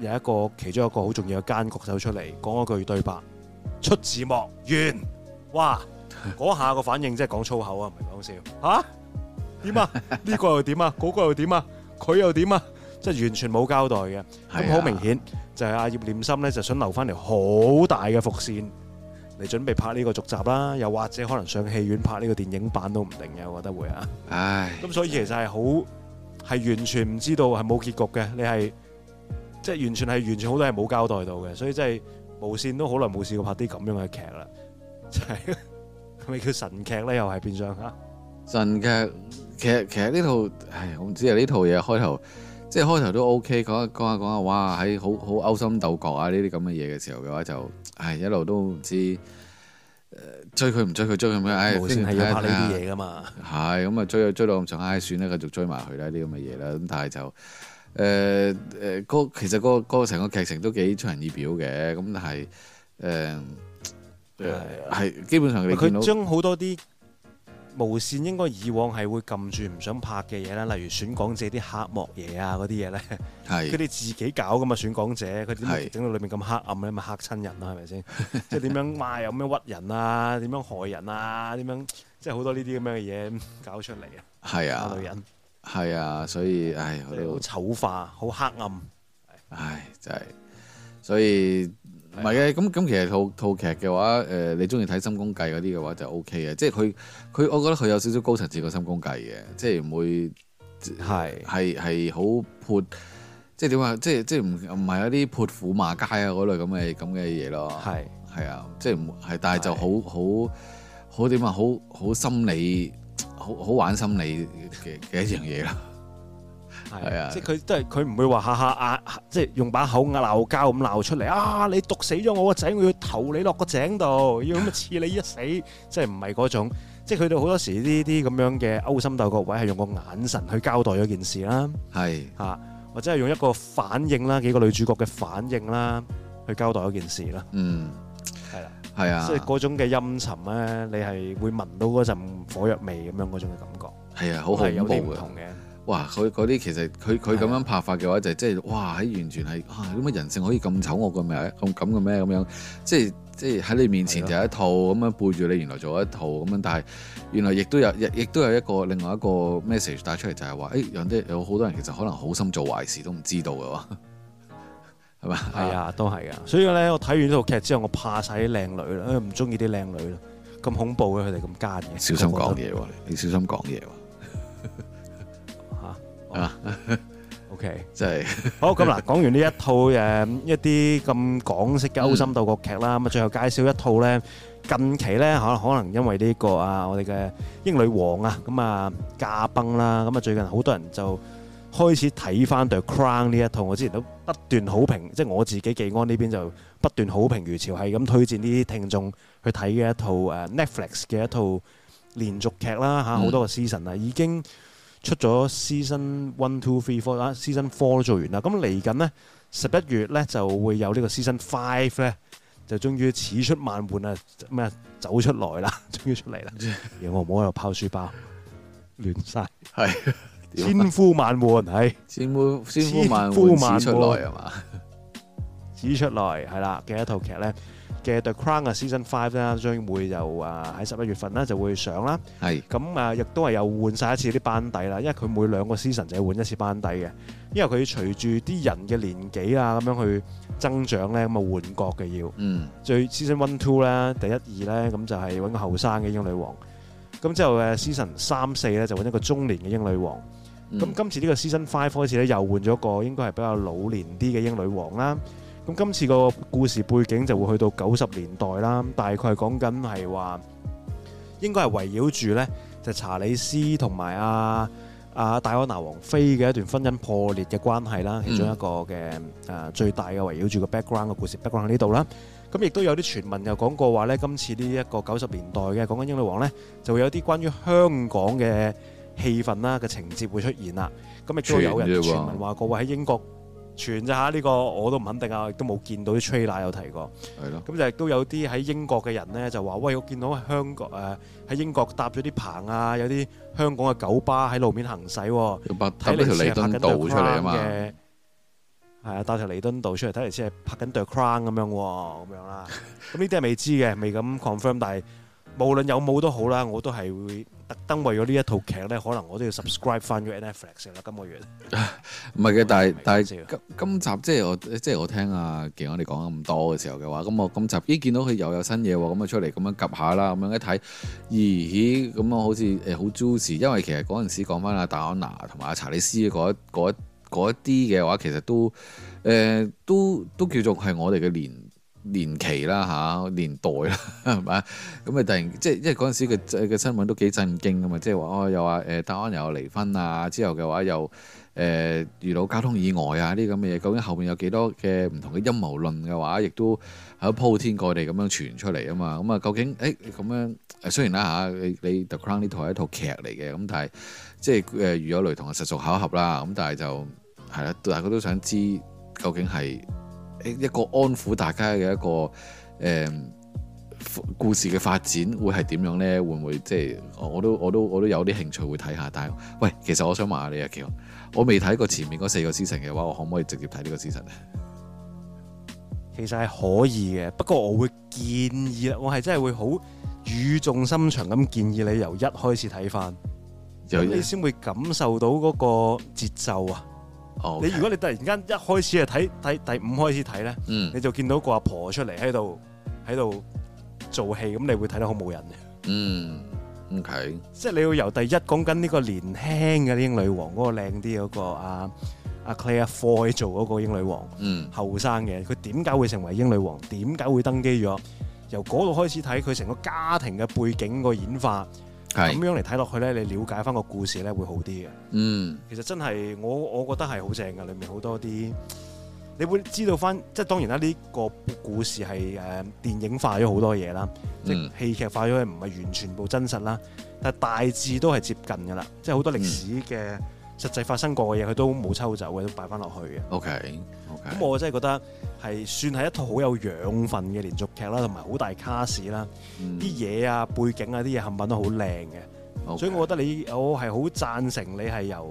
有一個其中一個好重要嘅奸局走出嚟，講嗰句對白出字幕完，哇！嗰 下個反應真係講粗口啊，唔係講笑吓？點啊？呢、這個又點啊？嗰、那個又點啊？佢又點啊？即係完全冇交代嘅，咁好、啊嗯、明顯就係阿葉念心咧，就想留翻條好大嘅伏線嚟準備拍呢個續集啦，又或者可能上戲院拍呢個電影版都唔定嘅，我覺得會啊。唉，咁、嗯、所以其實係好係完全唔知道係冇結局嘅，你係。即係完全係完全好多係冇交代到嘅，所以即係無線都好耐冇試過拍啲咁樣嘅劇啦，就係係咪叫神劇咧？又係變相啊！神劇，其實其實呢套唉，我唔知啊！呢套嘢開頭即係開頭都 OK，講下講下講下，哇！喺好好勾心鬥角啊，呢啲咁嘅嘢嘅時候嘅話就唉，一路都唔知追佢唔追佢，追佢咩？唉，無線係要拍呢啲嘢噶嘛？係咁啊，追追到咁上唉，算啦，繼續追埋佢啦，啲咁嘅嘢啦，咁但係就。誒誒，個、呃呃、其實、那個、那個成個劇情都幾出人意表嘅，咁但係誒係基本上佢佢將好多啲無線應該以往係會撳住唔想拍嘅嘢啦，例如選港姐啲黑幕嘢啊嗰啲嘢咧，係佢哋自己搞噶嘛，選港姐佢點整到裏面咁黑暗咧，咪嚇親人啊，係咪先？即係點樣哇？有咩屈人啊？點樣害人啊？點樣即係好多呢啲咁樣嘅嘢搞出嚟啊？係啊，女人。 係啊，所以唉，好醜化，好唉黑暗，唉，真係，所以唔係嘅，咁咁的其實套套劇嘅話，誒、呃，你中意睇《心公計》嗰啲嘅話就 O K 嘅，即係佢佢，我覺得佢有少少高層次過《心公計》嘅，即係唔會係係係好潑，即係點啊，即係即係唔唔係嗰啲潑婦罵街啊嗰類咁嘅咁嘅嘢咯，係係啊，即係唔係，但係就好好好點啊，好好心理。好好玩心理嘅嘅一樣嘢咯，係啊，啊，即係佢都係佢唔會話下下壓，即係用把口鬧交咁鬧出嚟 啊！你毒死咗我個仔，我要投你落個井度，要咁賜你一死，即係唔係嗰種？即係佢哋好多時呢啲咁樣嘅勾心鬥角位，係用個眼神去交代咗件事啦，係嚇的，或者係用一個反應啦，幾個女主角嘅反應啦，去交代嗰件事啦，的嗯，係啦。係啊，即係嗰種嘅陰沉咧，你係會聞到嗰陣火藥味咁樣嗰種嘅感覺。係啊，好好，有啲唔同嘅、啊就係。哇，佢嗰啲其實佢佢咁樣拍法嘅話，就係即係哇，喺完全係啊，點解人性可以咁醜惡嘅咩？咁咁嘅咩咁樣？即係即係喺你面前就一套，咁樣背住你、啊、原來做一套咁樣，但係原來亦都有亦都有一個另外一個 message 帶出嚟，就係話誒有啲有好多人其實可能好心做壞事都唔知道嘅喎。係嘛？係啊，都係啊。所以咧，我睇完呢套劇之後，我怕晒啲靚女啦。誒，唔中意啲靚女啦，咁恐怖嘅，佢哋咁奸嘅。小心講嘢，你小心講嘢。吓， 係嘛？OK，真係。好，咁嗱，講完呢一套誒，一啲咁港式嘅勾心鬥角劇啦，咁啊，最後介紹一套咧，近期咧吓，可能因為呢個啊，我哋嘅英女王啊，咁啊駕崩啦，咁啊，啊，最近好多人就開始睇翻對 Crown 呢一套，我之前都。不斷好評，即、就、係、是、我自己記安呢邊就不斷好評如潮，係咁推薦啲聽眾去睇嘅一套誒、uh, Netflix 嘅一套連續劇啦嚇，好多個 season 啊、嗯，已經出咗 season one two, three, four,、啊、two、three、four 啦，season four 都做完啦。咁嚟緊呢十一月呢就會有呢個 season five 呢，就終於此出萬換啊咩走出來啦，終於出嚟啦。 我唔好喺度拋書包，亂晒。係。 千呼萬喚係，千呼千呼萬喚始出來係嘛？始出來係啦，嘅一套劇咧嘅 The Crown 嘅 Season Five 啦，將會就啊喺十一月份啦就會上啦。係咁啊，亦都係又換曬一次啲班底啦，因為佢每兩個 season 就係換一次班底嘅，因為佢要隨住啲人嘅年紀啊咁樣去增長咧，咁啊換角嘅要。嗯，最 Season One Two 咧，第一二咧，咁就係揾個後生嘅英女王，咁之後誒 Season 三四咧就揾一個中年嘅英女王。咁今次呢個 season five 開始咧，又換咗個應該係比較老年啲嘅英女王啦。咁今次個故事背景就會去到九十年代啦，大概講緊係話應該係圍繞住咧就查理斯同埋阿阿戴安娜王妃嘅一段婚姻破裂嘅關係啦，其中一個嘅誒最大嘅圍繞住個 background 嘅故事 background 喺呢度啦。咁亦都有啲傳聞又講過話咧，今次呢一個九十年代嘅講緊英女王咧，就會有啲關於香港嘅氣氛啦，嘅情節會出現啦。咁亦都有人傳聞話各位喺英國傳啫下，呢個我都唔肯定啊，亦都冇見到啲吹奶有提過。係咯。咁就亦都有啲喺英國嘅人咧，就話喂，我見到香港誒喺英國搭咗啲棚啊，有啲香港嘅酒吧喺路面行駛。白呢條彌敦道出嚟啊嘛。係啊，搭條彌敦道出嚟睇嚟，先係拍緊對 Crown 咁樣喎，咁樣啦。咁呢啲係未知嘅，未咁 confirm。但係無論有冇都好啦，我都係會。特登為咗呢一套劇咧，可能我都要 subscribe 翻咗 Netflix 啦。今個月唔係嘅， 的但係但係但今集即係我即係我聽阿見我哋講咁多嘅時候嘅話，咁我今集咦見到佢又有新嘢喎，咁啊出嚟咁樣及下啦，咁樣一睇咦咁我好似誒好 juicy，因為其實嗰陣時講翻阿戴安娜同埋阿查理斯嗰一啲嘅話，其實都誒、呃、都都叫做係我哋嘅年。年期啦，嚇、啊、年代啦，係嘛，咁啊突然，即係因為嗰陣時嘅嘅新聞都幾震驚㗎嘛，即係話哦，又話誒戴安又離婚啊，之後嘅話又誒、呃、遇到交通意外啊，呢啲咁嘅嘢究竟後面有幾多嘅唔同嘅陰謀論嘅話，亦都喺鋪天蓋地咁樣傳出嚟啊嘛。咁啊、嗯、究竟誒咁、欸、樣雖然啦嚇、啊、你你 The Crown 呢套係一套劇嚟嘅，咁但係即係誒、呃、如有雷同係實屬巧合啦，咁、嗯、但係就係啦、啊、大家都想知究竟係。一個安撫大家嘅一個誒、呃、故事嘅發展會係點樣呢？會唔會即係我都我都我都有啲興趣會睇下？但係喂，其實我想問下你阿喬，我未睇過前面嗰四個 season 嘅話，我可唔可以直接睇呢個 season 咧？其實係可以嘅，不過我會建議我係真係會好語重心長咁建議你由一開始睇翻，有你先會感受到嗰個節奏啊！你如果你突然間一開始係睇睇第五開始睇咧，你就見到個阿婆出嚟喺度喺度做戲，咁你會睇得好冇癮嘅。嗯，OK。即係你要由第一講緊呢個年輕嘅英女王嗰個靚啲嗰個阿阿 Claire Foy 做嗰個英女王，後生嘅，佢點解會成為英女王？點解會登基咗？由嗰度開始睇佢成個家庭嘅背景個演化。咁是樣嚟睇落去咧，你了解翻個故事咧會好啲嘅。嗯，其實真係我我覺得係好正㗎，裏面好多啲，你會知道翻。即係當然啦，呢、這個故事係誒、呃、電影化咗好多嘢啦，嗯、即係戲劇化咗，唔係完全部真實啦，但係大致都係接近㗎啦。即係好多歷史嘅、嗯。實際發生過嘅嘢佢都冇抽走嘅，都擺翻落去嘅。OK，咁 okay. 我真係覺得係算係一套好有養分嘅連續劇啦，同埋好大卡 a 啦，啲嘢、嗯、啊背景啊啲嘢冚棒都好靚嘅。Okay. 所以我覺得你我係好贊成你係由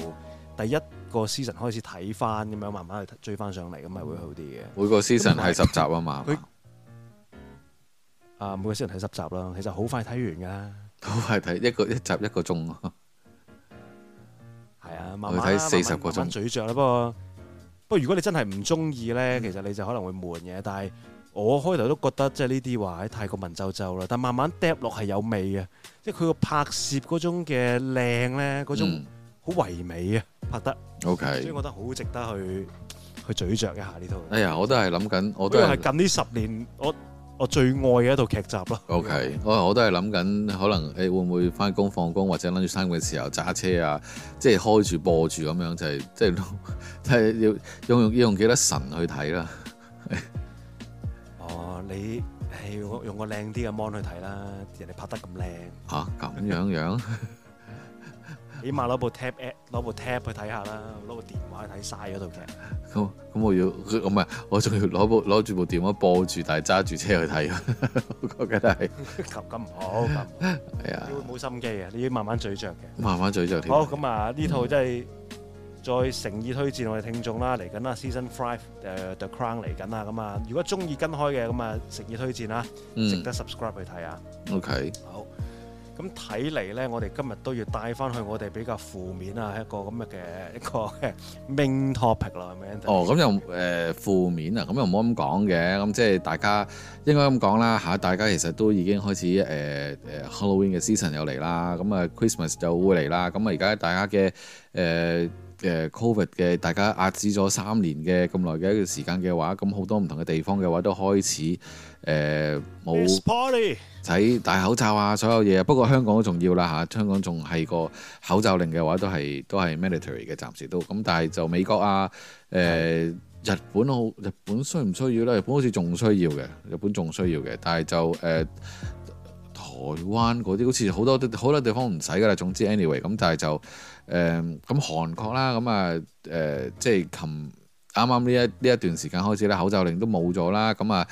第一個 season 開始睇翻咁樣，慢慢去追翻上嚟咁咪會好啲嘅。每個 season 係十集啊嘛，啊每個 season 係十集啦，其實好快睇完㗎，好快睇一個一集一個鐘。 係啊，慢慢慢慢咀嚼啦。不過，不過，如果你真係唔中意咧，其實你就可能會悶嘅。嗯、但係我開頭都覺得即係呢啲話，太過文縐縐啦。但慢慢嗒落係有味嘅，即係佢個拍攝嗰種嘅靚咧，嗰種好唯美啊，嗯、拍得 OK。所以我覺得好值得去去咀嚼一下呢套。哎呀，我都係諗緊，我都係近呢十年我。我最愛嘅一套劇集咯。OK，是我我都係諗緊，可能誒、欸、會唔會翻工放工或者諗住衫嘅時候揸車啊，即係開住播住咁樣，就係、是、即係、就是、要要用要用，用幾多神去睇啦？ 哦，你係用，用個靚啲嘅 mon 去睇啦，人哋拍得咁靚嚇咁樣樣。 起碼攞部 tap app，攞部 tap 去睇下啦，攞部電話去睇曬嗰套劇。咁咁我要，唔係，我仲要攞部攞住部電話播住，但係揸住車去睇，我覺得係咁咁唔好，係啊，你會冇心機嘅，你要慢慢咀嚼嘅。慢慢咀嚼。好咁啊，呢套真係再誠意推薦我哋聽眾啦，嚟緊啊 Season Five 誒 The Crown 嚟緊啊，咁啊，如果中意跟開嘅咁啊，誠意推薦啦，值得 subscribe 去睇啊。OK。好。咁睇嚟咧，我哋今日都要帶翻去我哋比較負面啊，一個咁嘅一個嘅 main topic 啦，哦，咁又誒負面啊，咁又唔好咁講嘅，咁、嗯、即係大家應該咁講啦嚇。大家其實都已經開始誒誒、呃呃、Halloween 嘅 season 又嚟啦，咁、嗯、啊 Christmas 就會嚟啦。咁啊而家大家嘅誒。呃.誒 Covid 嘅大家壓止咗三年嘅咁耐嘅一段時間嘅話，咁好多唔同嘅地方嘅話都開始誒冇使戴口罩啊，所有嘢啊。不過香港都重要啦、啊、嚇，香港仲係個口罩令嘅話都係都係 mandatory 嘅，暫時都咁。但係就美國啊、誒、呃、日本好，日本需唔需要咧？日本好似仲需要嘅，日本仲需要嘅。但係就誒、呃、台灣嗰啲好似好多好多地方唔使㗎啦。總之 anyway 咁，但係就。誒咁、嗯嗯、韓國啦，咁啊誒即係琴啱啱呢一呢一段時間開始咧，口罩令都冇咗啦，咁啊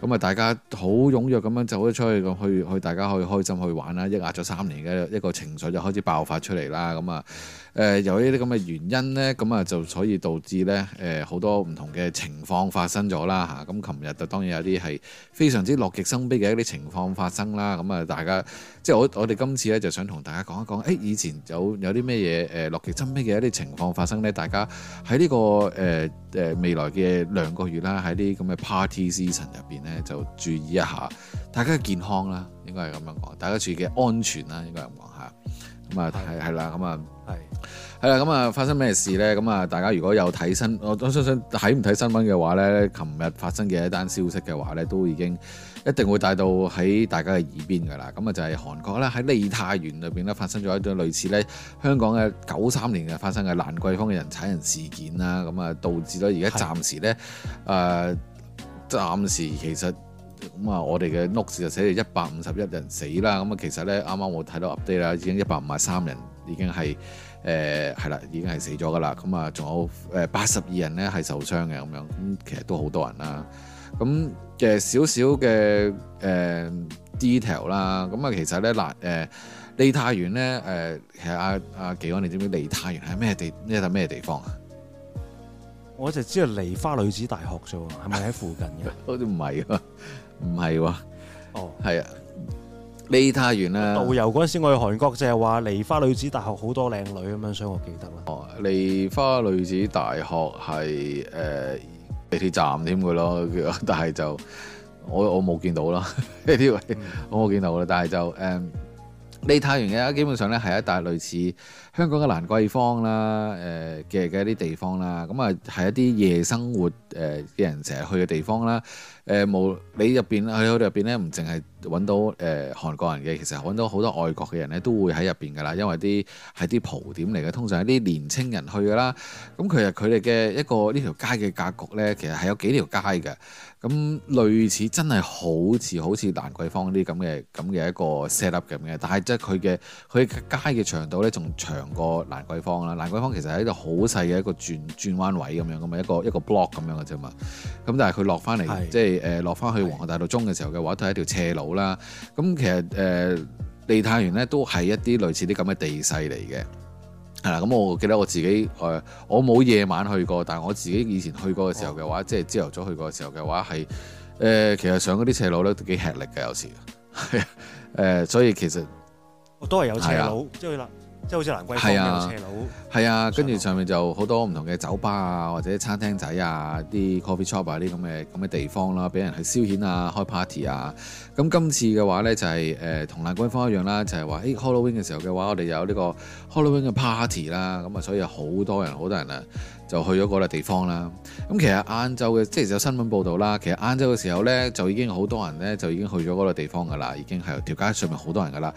咁啊大家好踴躍咁樣走咗出去咁去去，去大家可以開心去玩啦，抑壓咗三年嘅一個情緒就開始爆發出嚟啦，咁、嗯、啊～、嗯誒由呢啲咁嘅原因呢，咁啊就所以導致呢誒好多唔同嘅情況發生咗啦嚇。咁琴日就當然有啲係非常之樂極生悲嘅一啲情況發生啦。咁啊，大家即係我我哋今次呢，就想同大家講一講，誒以前有有啲咩嘢誒樂極生悲嘅一啲情況發生呢？大家喺呢個誒誒未來嘅兩個月啦，喺啲咁嘅 party season 入邊呢，就注意一下，大家嘅健康啦，應該係咁樣講，大家注意嘅安全啦，應該咁講嚇，咁啊係係啦，咁啊。係係啦，咁啊，發生咩事呢？咁啊，大家如果有睇新，我相信睇唔睇新聞嘅話呢，琴日發生嘅一單消息嘅話呢，都已經一定會帶到喺大家嘅耳邊噶啦。咁啊，就係、是、韓國呢，喺梨泰院裏邊呢，發生咗一單類似呢香港嘅九三年嘅發生嘅蘭桂坊嘅人踩人事件啦。咁啊，導致咗而家暫時呢，誒是的、呃，暫時其實咁啊、嗯，我哋嘅 notes 就寫住一百五十一人死啦。咁啊，其實呢，啱啱我睇到 update 啦，已經一百五十三人。已經係誒係啦，已經係死咗噶啦。咁啊，仲有誒八十二人咧係受傷嘅咁樣。咁其實都好多人啦。咁嘅少少嘅誒 detail 啦。咁啊、呃呃，其實咧嗱誒，梨泰院咧誒，其實阿阿幾安，你知唔知梨泰院係咩地？呢度咩地方啊？我就知係梨花女子大學啫喎，係咪喺附近嘅？好似唔係喎，唔係喎。哦、oh.，係啊。梨泰院啦！導遊嗰陣時，我去韓國就係話梨花女子大學好多靚女咁樣，所以我記得啦。哦，梨花女子大學係誒地鐵站點嘅咯，但係就我我冇見到啦呢啲位，嗯、冇我見到啦，但係就誒。Um, 梨泰院嘅基本上咧係一帶類似香港嘅蘭桂坊啦，誒嘅嘅一啲地方啦，咁啊係一啲夜生活誒啲人成日去嘅地方啦，誒、嗯、無你入邊去到入邊咧，唔淨係揾到誒韓國人嘅，其實揾到好多外國嘅人咧都會喺入邊噶啦，因為啲係啲蒲點嚟嘅，通常係啲年青人去噶啦。咁其實佢哋嘅一個呢條街嘅格局咧，其實係、這個、有幾條街嘅。咁類似真係好似好似蘭桂坊啲咁嘅咁嘅一個 set up 咁嘅，但係即係佢嘅佢街嘅長度咧，仲長過蘭桂坊啦。蘭桂坊其實喺一個好細嘅一個轉轉彎位咁樣噶嘛，一個一個 block 咁樣嘅啫嘛。咁但係佢落翻嚟即係誒落翻去皇后大道中嘅時候嘅話，都係一條斜路啦。咁是其實誒梨泰院咧都係一啲類似啲咁嘅地勢嚟嘅。係啦，咁我記得我自己，誒、呃，我冇夜晚去過，但係我自己以前去過嘅時候嘅話，哦、即係朝頭早去過嘅時候嘅話，係誒、呃，其實上嗰啲斜路咧都幾吃力嘅，有時，係誒，所以其實都係有斜路，即係啦。即係好似蘭桂坊嘅車路，係啊，係啊，跟住上面就好多唔同嘅酒吧啊，或者餐廳仔啊，啲 coffee shop 啊，啲咁嘅咁嘅地方啦，俾人去消遣啊，開 party 啊。咁今次嘅話呢，就係誒同蘭桂坊一樣啦、啊，就係話誒 Halloween 嘅時候嘅話，我哋有呢個 Halloween 嘅 party 啦。咁啊，所以好多人，好多人啊。就去咗嗰個地方啦。咁其實晏晝嘅即係有新聞報道啦。其實晏晝嘅時候呢，就已經好多人呢，就已經去咗嗰個地方噶啦。已經係條街上面好多人噶啦。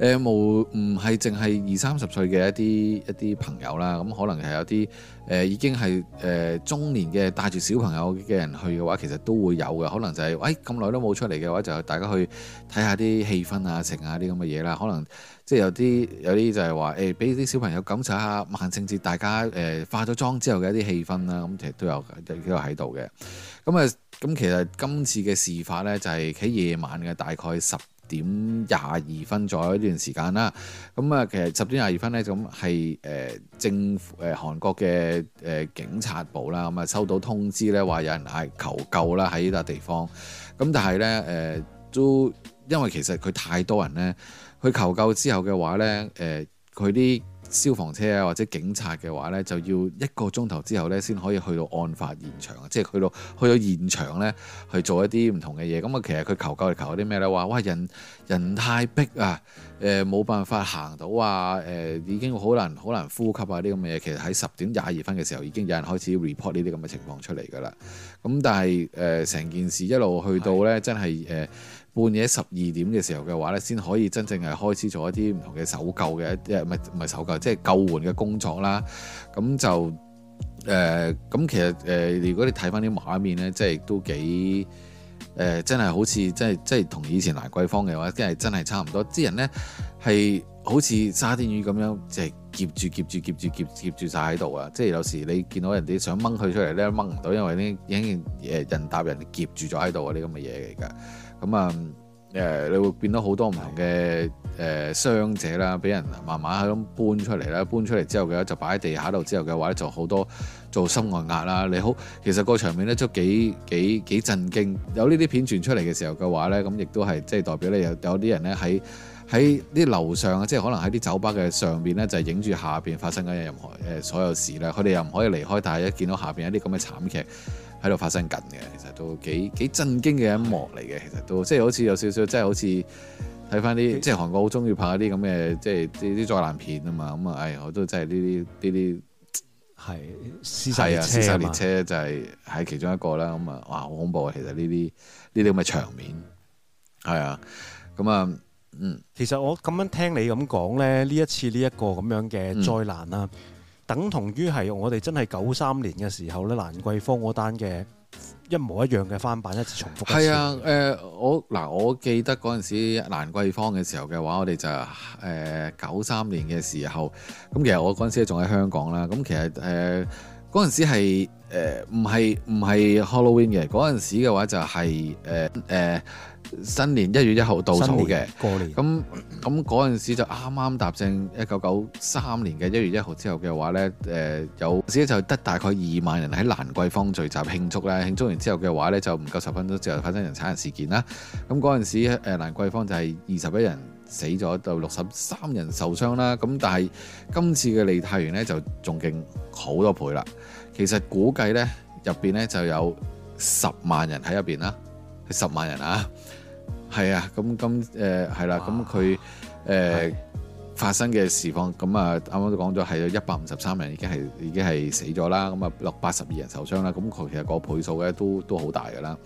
誒冇唔係淨係二三十歲嘅一啲一啲朋友啦。咁、嗯、可能係有啲誒、呃、已經係誒、呃、中年嘅帶住小朋友嘅人去嘅話，其實都會有嘅。可能就係喂咁耐都冇出嚟嘅話，就大家去睇下啲氣氛啊、食下啲咁嘅嘢啦。可能。即係有啲有啲就係話誒，俾啲小朋友感受下萬聖節大家誒、呃、化咗妝之後嘅一啲氣氛啦，咁、嗯、其實都有都有喺度嘅。咁啊咁其實今次嘅事發呢，就係、是、喺夜晚嘅大概十點廿二分左右呢段時間啦。咁、嗯、啊，其實十點廿二分呢，咁係誒政誒韓、呃、國嘅誒、呃、警察部啦，咁、嗯、啊收到通知呢，話有人嗌求救啦，喺呢笪地方。咁、嗯、但係呢，誒、呃，都因為其實佢太多人呢。佢求救之後嘅話呢，誒佢啲消防車啊或者警察嘅話呢，就要一個鐘頭之後呢先可以去到案發現場，即係去到去到現場呢去做一啲唔同嘅嘢。咁、嗯、啊，其實佢求救係求啲咩呢？話哇人人太逼啊，誒、呃、冇辦法行到啊，誒、呃、已經好難好難呼吸啊啲咁嘅嘢。其實喺十點廿二分嘅時候已經有人開始 report 呢啲咁嘅情況出嚟㗎啦。咁、嗯、但係誒成件事一路去到呢，的真係誒。呃半夜十二點嘅時候嘅話咧，先可以真正係開始做一啲唔同嘅搜救嘅一誒，唔係唔係搜救，即係救援嘅工作啦。咁就誒，咁、呃、其實誒、呃，如果你睇翻啲畫面咧，即係都幾誒、呃，真係好似即係即係同以前蘭桂坊嘅話，即係真係差唔多。啲人咧係。好似沙甸魚咁樣，即係夾住夾住夾住夾住晒喺度啊！即係有時你見到人哋想掹佢出嚟咧，掹唔到，因為呢已經誒人搭人哋夾住咗喺度啊！啲咁嘅嘢嚟㗎。咁啊誒，你會變到好多唔同嘅誒、呃、傷者啦，俾人慢慢咁搬出嚟啦，搬出嚟之後嘅話就擺喺地下度，之後嘅話咧就好多做心外壓啦。你好，其實個場面咧都幾幾幾震驚。有呢啲片傳出嚟嘅時候嘅話咧，咁亦都係即係代表咧有有啲人咧喺。喺啲樓上啊，即係可能喺啲酒吧嘅上邊咧，就係影住下邊發生緊任何誒所有事咧。佢哋又唔可以離開，但係一見到下邊一啲咁嘅慘劇喺度發生緊嘅，其實都幾幾震驚嘅一幕嚟嘅。其實都即係好似有少少，即係好似睇返啲即係韓國好中意拍一啲咁嘅，即係呢啲災難片啊嘛。咁、嗯、啊，誒、哎，我都真係呢啲呢啲係屍殺列車啊，屍殺列車就係、是、喺、啊、其中一個啦。咁、嗯、啊，哇，好恐怖啊！其實呢啲呢啲咁嘅場面係啊，咁啊。嗯嗯，其實我咁樣聽你咁講咧，呢一次呢一個咁樣嘅災難啦、啊，嗯、等同於係我哋真係九三年嘅時候咧，蘭桂坊嗰單嘅一模一樣嘅翻版，一次重複次。係啊，誒、呃、我嗱，我記得嗰陣時蘭桂坊嘅時候嘅話，我哋就誒九三年嘅時候，咁其實我嗰陣時仲喺香港啦，咁其實誒嗰陣時係誒唔係唔係 Halloween 嘅，嗰、呃、陣時嘅話就係誒誒。呃呃新年一月一號倒數嘅，過年咁咁嗰陣時就啱啱踏正一九九三年嘅一月一號之後嘅話呢，誒、呃、有時就得大概二萬人喺蘭桂坊聚集慶祝啦，慶祝完之後嘅話呢，就唔夠十分鐘之後發生人踩人事件啦。咁嗰陣時誒蘭桂坊就係二十一人死咗，到六十三人受傷啦。咁但係今次嘅梨泰院呢，就仲勁好多倍啦。其實估計呢，入邊呢就有十萬人喺入邊啦，十萬人啊！係、呃嗯、啊，咁今誒係啦，咁佢誒發生嘅事況，咁、哦嗯、啊啱啱都講咗係有一百五十三人已經係已經係死咗啦，咁啊六八十二人受傷啦，咁、嗯、佢其實個倍數咧都都好大㗎啦。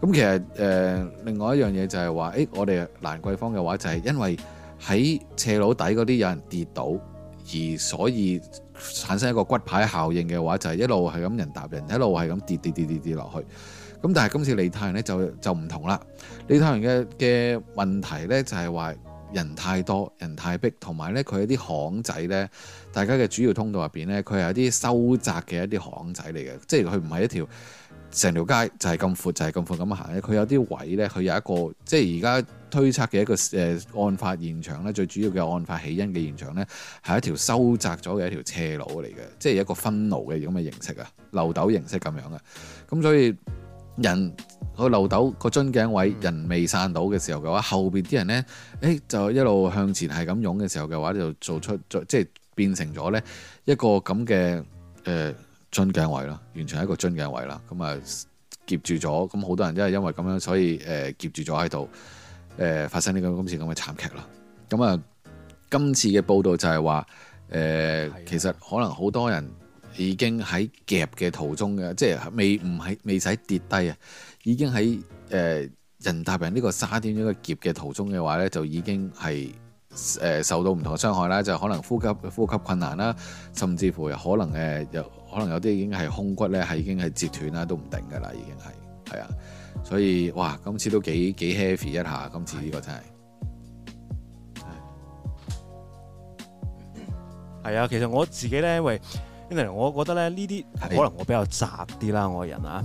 咁、嗯嗯、其實誒、呃、另外一樣嘢就係話，誒我哋蘭桂坊嘅話就係因為喺斜路底嗰啲有人跌倒，而所以產生一個骨牌效應嘅話，就係、是、一路係咁人踏人，一路係咁跌跌跌跌跌落去。咁但係今次梨泰院咧就就唔同啦，梨泰院嘅嘅問題咧就係、是、話人太多，人太逼，同埋咧佢一啲巷仔咧，大家嘅主要通道入邊咧，佢係一啲收窄嘅一啲巷仔嚟嘅，即係佢唔係一條成條街就係咁闊就係咁闊咁行嘅，佢有啲位咧，佢有一個即係而家推測嘅一個誒、呃、案發現場咧，最主要嘅案發起因嘅現場咧係一條收窄咗嘅一條斜路嚟嘅，即係一個分路嘅咁嘅形式啊，漏斗形式咁樣啊，咁所以。人、個漏斗，個樽頸位，嗯、人未散到嘅時候嘅話，後邊啲人呢，誒、欸、就一路向前係咁湧嘅時候嘅話，就做出做即係變成咗呢一個咁嘅誒樽頸位咯，完全係一個樽頸位啦。咁啊夾住咗，咁好多人因為因為咁樣，所以誒、呃、夾住咗喺度，誒、呃、發生呢個今次咁嘅慘劇啦。咁啊，今次嘅報道就係話，誒、呃、的其實可能好多人。已經喺夾嘅途中嘅，即係未唔係未使跌低啊！已經喺誒、呃、人大病呢個沙甸咁嘅夾嘅途中嘅話咧，就已經係誒、呃、受到唔同嘅傷害啦，就可能呼吸呼吸困難啦，甚至乎可能誒又、呃、可能有啲已經係胸骨咧係已經係折斷啦，都唔定噶啦，已經係係啊！所以哇，今次都幾幾 heavy 一下，今次呢個真係係啊，啊！其實我自己咧，因為因為 我覺得咧，呢啲可能我比較雜啲啦，我個人啊，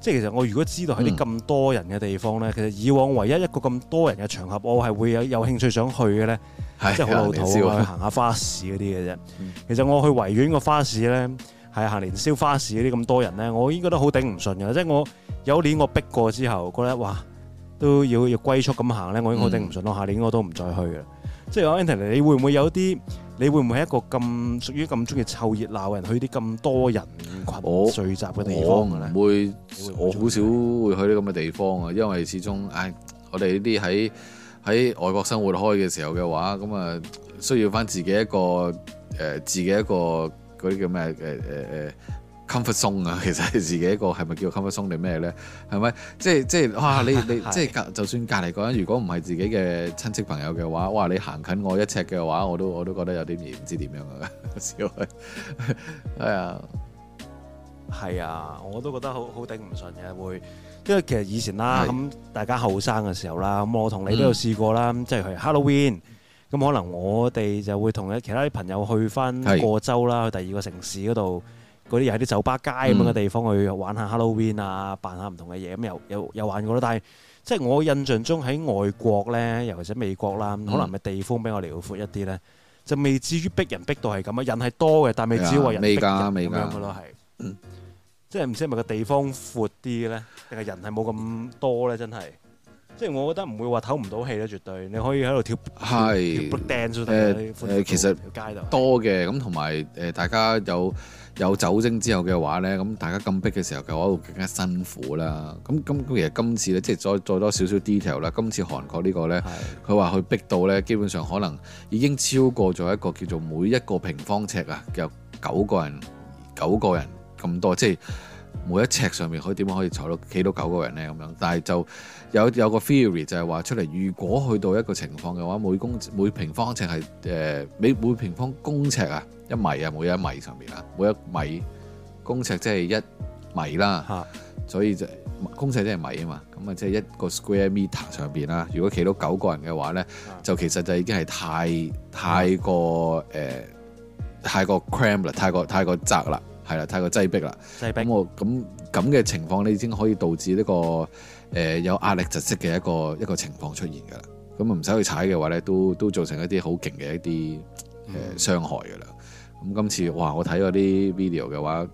即係其實我如果知道喺啲咁多人嘅地方咧，其實以往唯一一個咁多人嘅場合，我係會有有興趣想去嘅咧，即係好老土去行下花市嗰啲嘅啫。其實我去維園個花市咧，係行年宵花市嗰啲咁多人咧，我應該都好頂唔順嘅。即係我有年我逼過之後，覺得哇都要要龜速咁行咧，我應該好頂唔順咯。下年我都唔再去嘅。嗯、即係 Anthony 你會唔會有啲？你會唔會係一個咁屬於咁中意湊熱鬧人，去啲咁多人羣聚集嘅地方嘅咧？我唔會，會會我好少會去啲咁嘅地方啊，因為始終唉、哎，我哋呢啲喺喺外國生活開嘅時候嘅話，咁啊需要返自己一個誒、呃，自己一個嗰啲叫咩誒誒誒。comfort zone 啊，其實係自己一個係咪叫 comfort zone 定咩咧？係咪即係即係哇？你你即係隔就算隔離個人，如果唔係自己嘅親戚朋友嘅話，哇！你行近我一尺嘅話，我都我都覺得有啲唔知點樣啊！笑係 啊、哎呀，係啊，我都覺得好好頂唔順嘅，會因為其實以前啦、啊、咁，是大家後生嘅時候啦，咁我同你都有試過啦。嗯、即係去 Halloween 咁，可能我哋就會同其他啲朋友去翻過州啦，是去第二個城市嗰度。嗰啲喺啲酒吧街咁嘅地方去玩下 Halloween 啊，扮下唔同嘅嘢咁，又又又玩過咯。但係即係我印象中喺外國咧，尤其是喺美國啦，可能嘅地方比我哋會闊一啲咧，就未至於逼人逼到係咁啊。人係多嘅，但係未至於話人逼人咁樣嘅咯，係，嗯，即係唔知係咪個地方闊啲咧，定係人係冇咁多咧？真係即係我覺得唔會話唞唔到氣咧，絕對你可以喺度跳係 dance，誒誒，其實條街度多嘅咁，同埋誒大家有有酒精之後嘅話呢，咁大家咁逼嘅時候，就喺度更加辛苦啦。咁咁其實今次呢，即係再再多少少 detail 啦。今次韓國呢個呢，佢話佢逼到呢，基本上可能已經超過咗一個叫做每一個平方尺啊，有九個人，九個人咁多，即係每一尺上面可以點樣可以坐到企到九個人呢？咁樣，但係就。有有個 theory 就係話出嚟，如果去到一個情況嘅話，每公每平方尺係誒每每平方公尺啊、呃，一米啊，每一米上面啊，每一米公尺即係一米啦，所以就公尺即係米啊嘛，咁啊即係一個 square meter 上邊啦。如果企到九個人嘅話咧，就其實就已經係太太過誒太過 cram 啦，太過、呃、太過、太過太過窄啦。係啦，太過擠迫啦。咁迫我咁咁嘅情況，你已經可以導致呢個誒、呃、有壓力窒息嘅一個一個情況出現嘅啦。咁唔使去踩嘅話咧，都都造成一啲好勁嘅一啲誒、呃嗯、傷害嘅啦。咁今次哇，我睇嗰啲 video 嘅話，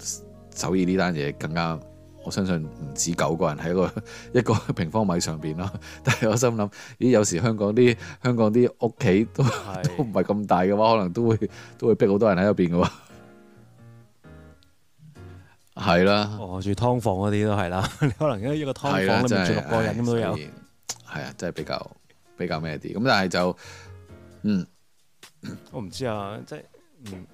首爾呢單嘢更加，我相信唔止九個人喺一個一個平方米上邊咯。但係我心諗，咦，有時香港啲香港啲屋企都是都唔係咁大嘅話，可能都會都會逼好多人喺入邊嘅喎。係啦、啊哦，住劏房嗰啲都係啦， 你可能一個劏房裏面、啊、住六個人咁都有，係啊，啊，真係比較比較咩啲，咁但係就，嗯，我唔知啊，即係，嗯，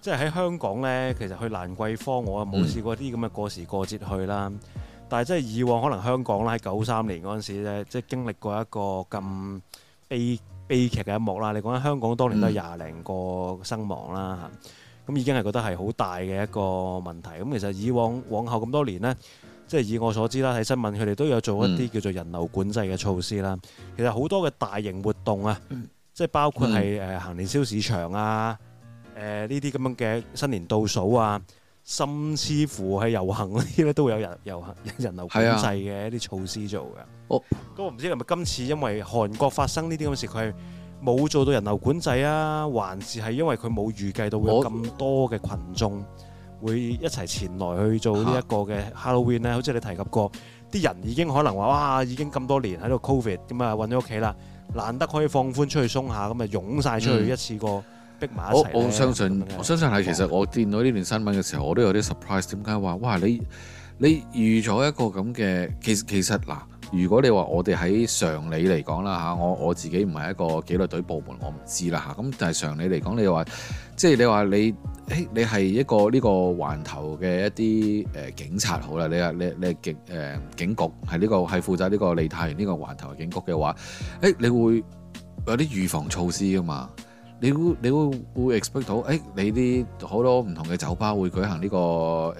即係喺香港咧，其實去蘭桂坊我冇試過，啲咁嘅過時過節去啦，嗯、但係即係以往可能香港咧喺九三年嗰陣時咧，即係經歷過一個咁悲悲劇嘅一幕啦。你講緊香港當年都係廿零個身亡啦。嗯咁已經係覺得係好大嘅一個問題。咁其實以往往後咁多年咧，即係以我所知啦，喺新聞佢哋都有做一啲叫做人流管制嘅措施啦。其實好多嘅大型活動啊，即係包括係誒行年宵市場啊、誒呢啲咁樣嘅新年倒數啊，甚至乎係遊行嗰啲咧，都會有人遊行人流管制嘅一啲措施做嘅。我咁我唔知係咪今次因為韓國發生呢啲咁嘅事佢。冇做到人流管制啊，還是係因為佢冇預計到會有咁多嘅群眾會一齊前來去做呢一個嘅 Halloween 咧？哈好似你提及過，啲人已經可能話：哇，已經咁多年喺度 Covid 咁啊，韞咗屋企啦，難得可以放寬出去鬆下，咁啊，湧晒出去一次過逼埋一齊、嗯。我我相信，我相信係其實我見到呢段新聞嘅時候，我都有啲 surprise，點解話哇？你你預咗一個咁嘅其其實嗱。如果你話我哋喺常理嚟講啦嚇，我我自己唔係一個紀律隊部門，我唔知啦嚇。咁但係常理嚟講，你話即係你話你，誒你係一個呢個環頭嘅一啲誒、呃、警察好啦，你係你你警誒、呃、警局，係呢、這個係負責呢、這個梨泰院呢個環頭嘅警局嘅話，誒、欸、你會有啲預防措施噶嘛？你會你會你會，會 expect 到誒、欸、你啲好多唔同嘅酒吧會舉行呢個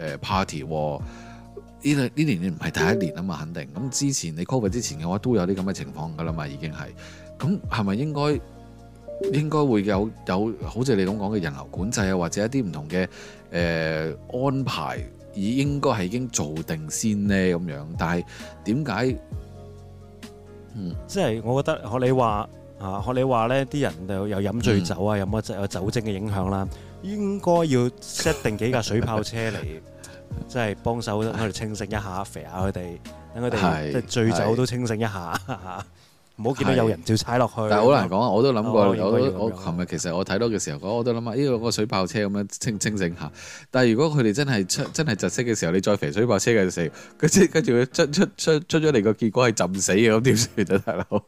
誒 party、呃呢呢年年唔係第一年啊嘛，肯定咁之前你 Covid 之前嘅話都有啲咁嘅情況噶啦嘛，已經係咁係咪應該應該會有有好似你咁講嘅人流管制啊，或者一啲唔同嘅誒、呃、安排，已應該係已經做定先呢。咁樣。但係點解？嗯，即係我覺得學你話啊，學你話咧，啲人就有飲醉酒啊，嗯、有乜酒精嘅影響啦，應該要 set 定幾架水炮車嚟。 即係幫手喺度清醒一下，肥下佢哋，等佢哋係醉酒都清醒一下，唔好見到有人照踩落去。的但係好難講，我都諗過，哦、我琴都日其實我睇到嘅時候，我都我都諗下，呢個個水炮車咁樣清清醒下。但係如果佢哋真係真真係窒息嘅時候，你再肥水炮車嘅時候，佢跟住佢出出出出咗嚟嘅結果係浸死嘅，咁點算啊大佬？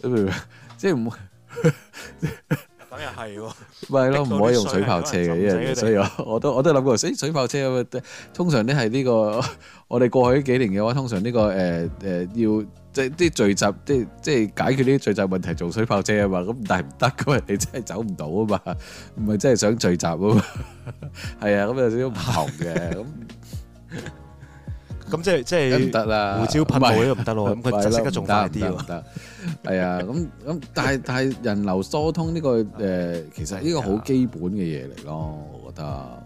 咁即係唔。 咁又係喎，唔係咯，唔 可以用水炮車嘅呢樣嘢，所以我都我都諗過，誒、欸、水炮車通常咧係呢個 我哋過去呢幾年嘅話，通常呢、呢個誒誒、呃呃、要即係啲聚集，即係即係解決啲聚集問題做水炮車啊嘛，咁但係唔得嘅，你真係走唔到啊嘛，唔係真係想聚集啊嘛，係 啊，咁有少少唔同嘅咁。 咁即係即係唔得啦，胡椒噴霧呢個唔得咯，咁佢窒息得仲快啲喎。係 啊，咁咁但係 但係人流疏通呢、呢個誒，嗯、其實係，呢個好基本嘅嘢嚟咯，嗯、我覺得。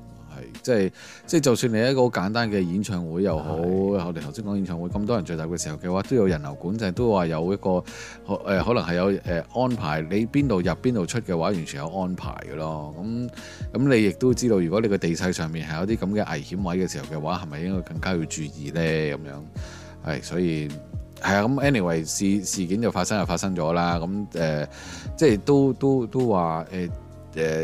即係即係，就算你一個好簡單嘅演唱會又好，我哋頭先講演唱會咁多人聚集嘅時候嘅話，都有人流管制，都話有一個誒、呃，可能係有誒、呃、安排，你邊度入邊度出嘅話，完全有安排嘅咯。咁、嗯、咁、嗯，你亦都知道，如果你個地勢上面係有啲咁嘅危險位嘅時候嘅話，係咪應該更加要注意呢？咁樣係、嗯，所以係啊。咁、嗯、anyway 事事件就發生就發生咗啦。咁、嗯、誒、呃，即係都都都話誒誒。呃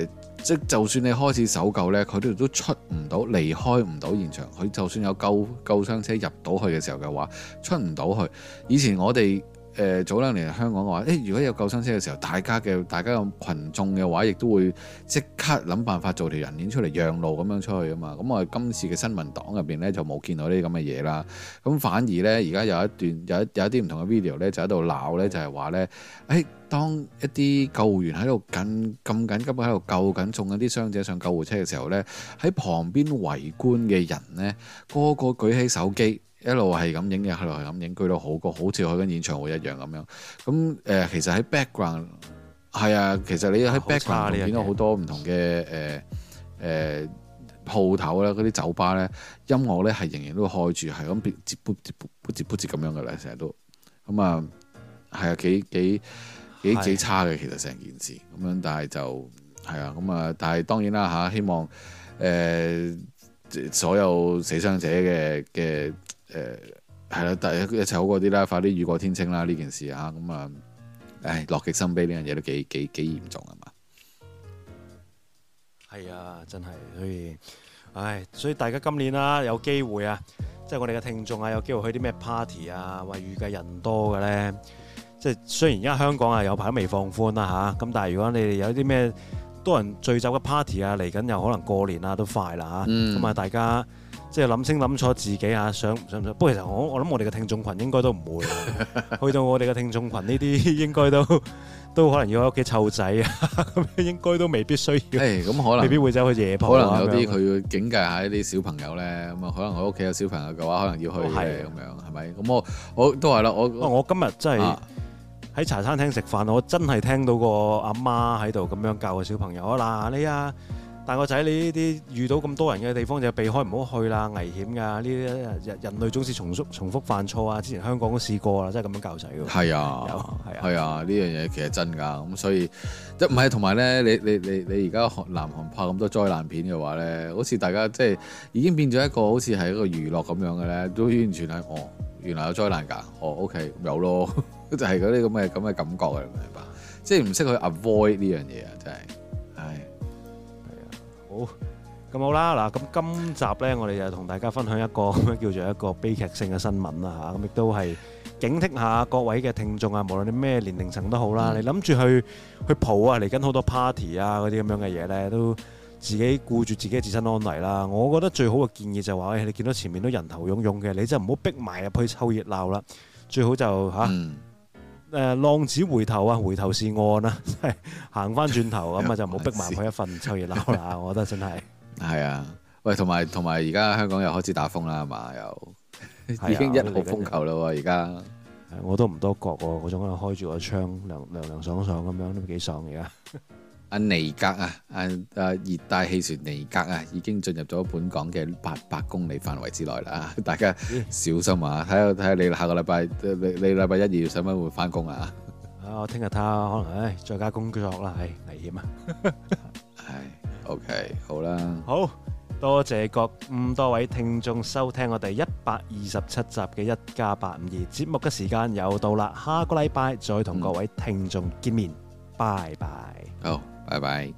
呃即就算你開始搜救咧，佢哋都出唔到，離開唔到現場。佢就算有救救傷車入到去嘅時候嘅話，出唔到去。以前我哋。誒、呃、早兩年香港嘅話，誒如果有救生車嘅時候，大家嘅大家咁群眾嘅話，亦都會即刻諗辦法做條人鏈出嚟讓路咁樣出去啊嘛。咁、嗯、我今次嘅新聞檔入邊呢，就冇見到呢啲咁嘅嘢啦。咁、嗯、反而呢，而家有一段有，有一有一啲唔同嘅 video 呢，就喺度鬧呢，就係、是、話呢：誒「誒當一啲救護員喺度緊咁緊急喺度救緊送緊啲傷者上救護車嘅時候呢，喺旁邊圍觀嘅人呢，個個舉起手機。一路係咁影嘅，一路係咁影，居到好高，好似去緊演唱會一樣咁樣。咁誒、呃，其實喺 background 係啊，其實你喺 background 見到好多唔同嘅誒誒鋪頭咧，嗰啲酒吧咧，音樂咧係仍然都開住，係咁撥撥撥撥撥撥撥咁樣嘅咧，成日都咁、嗯、啊，係啊，幾幾幾幾差嘅，其實成件事咁樣、嗯，但係就係啊，咁、嗯、啊，但係當然啦吓，希望誒所有死傷者嘅嘅。誒，係啦、呃，但係一齊好過啲啦，快啲雨過天晴啦，呢件事啊，咁啊，唉，樂極生悲呢樣嘢都幾幾幾嚴重啊嘛，係啊，真係，所以，唉，所以大家今年啦、啊，有機會啊，即係我哋嘅聽眾啊，有機會去啲咩 party 啊，或預計人多嘅咧，即係雖然而家香港啊有排未放寬啦、啊、吓，咁、啊、但係如果你哋有啲咩多人聚酒嘅 party 啊，嚟緊又可能過年啊都快啦吓，咁啊、嗯、大家。即係諗清諗楚自己啊，想唔想唔想？不過其實我我諗我哋嘅聽眾群應該都唔會， 去到我哋嘅聽眾群呢啲應該都都可能要喺屋企湊仔啊， 應該都未必需要。咁、欸嗯、可能未必會走去夜蒲樣、嗯。可能有啲佢要警戒下啲小朋友咧，咁啊可能我屋企有小朋友嘅話，可能要去嘅咁、哦、樣，係咪？咁我我都係啦，我、啊、我今日真係喺茶餐廳食飯，我真係聽到個阿媽喺度咁樣教個小朋友啊嗱，你啊～大個仔，你呢啲遇到咁多人嘅地方就避開唔好去啦，危險噶。呢啲人人類總是重複重複犯錯啊。之前香港都試過啦，真係咁樣教仔嘅。係啊，係啊，係啊，呢樣嘢其實真㗎。咁所以即唔係同埋咧，你你你你而家韓南韓拍咁多災難片嘅話咧，好似大家即係已經變咗一個好似係一個娛樂咁樣嘅咧，都完全係哦，原來有災難㗎。哦，OK，有咯，就係嗰啲咁嘅咁嘅感覺明白，即係唔識去 avoid 呢樣嘢啊，真係。 好咁好啦，嗱咁今集咧，我哋就同大家分享一個咁樣叫做一個悲劇性嘅新聞啦吓，咁亦都係警惕下各位嘅聽眾啊，無論你咩年齡層都好啦。你諗住去去蒲啊，嚟緊好多 party 啊，嗰啲咁樣嘅嘢咧，都自己顧住自己嘅自身安危啦。我覺得最好嘅建議就係話，你見到前面都人頭湧湧嘅，你真係唔好逼埋入去湊熱鬧啦。最好就吓。誒，浪子回頭啊，回頭是岸啊，行翻轉頭咁啊， 頭 就唔好逼埋佢一份湊熱鬧啦， 我覺得真係。係啊，喂，同埋同埋，而家香港又開始打風啦，係嘛，又 已經一號風球啦，而家。我都唔多覺，我仲係開住個窗，涼涼涼爽爽咁樣，都幾爽而家。 阿尼格啊，誒、啊、誒熱帶氣旋尼格啊，已經進入咗本港嘅八百公里範圍之內啦！大家小心啊！睇下睇下，睇下你下個禮拜，你你禮拜一二要使唔使會翻工啊？啊，我聽日睇下，可能誒、哎、再加工作啦，係、哎、危險啊！係、 哎、OK，好啦，好多謝各咁多位聽眾收聽我哋一百二十七集嘅一加八五二節目嘅時間又到啦，下個禮拜再同各位聽眾見面，嗯、拜拜，好。Oh. 拜拜。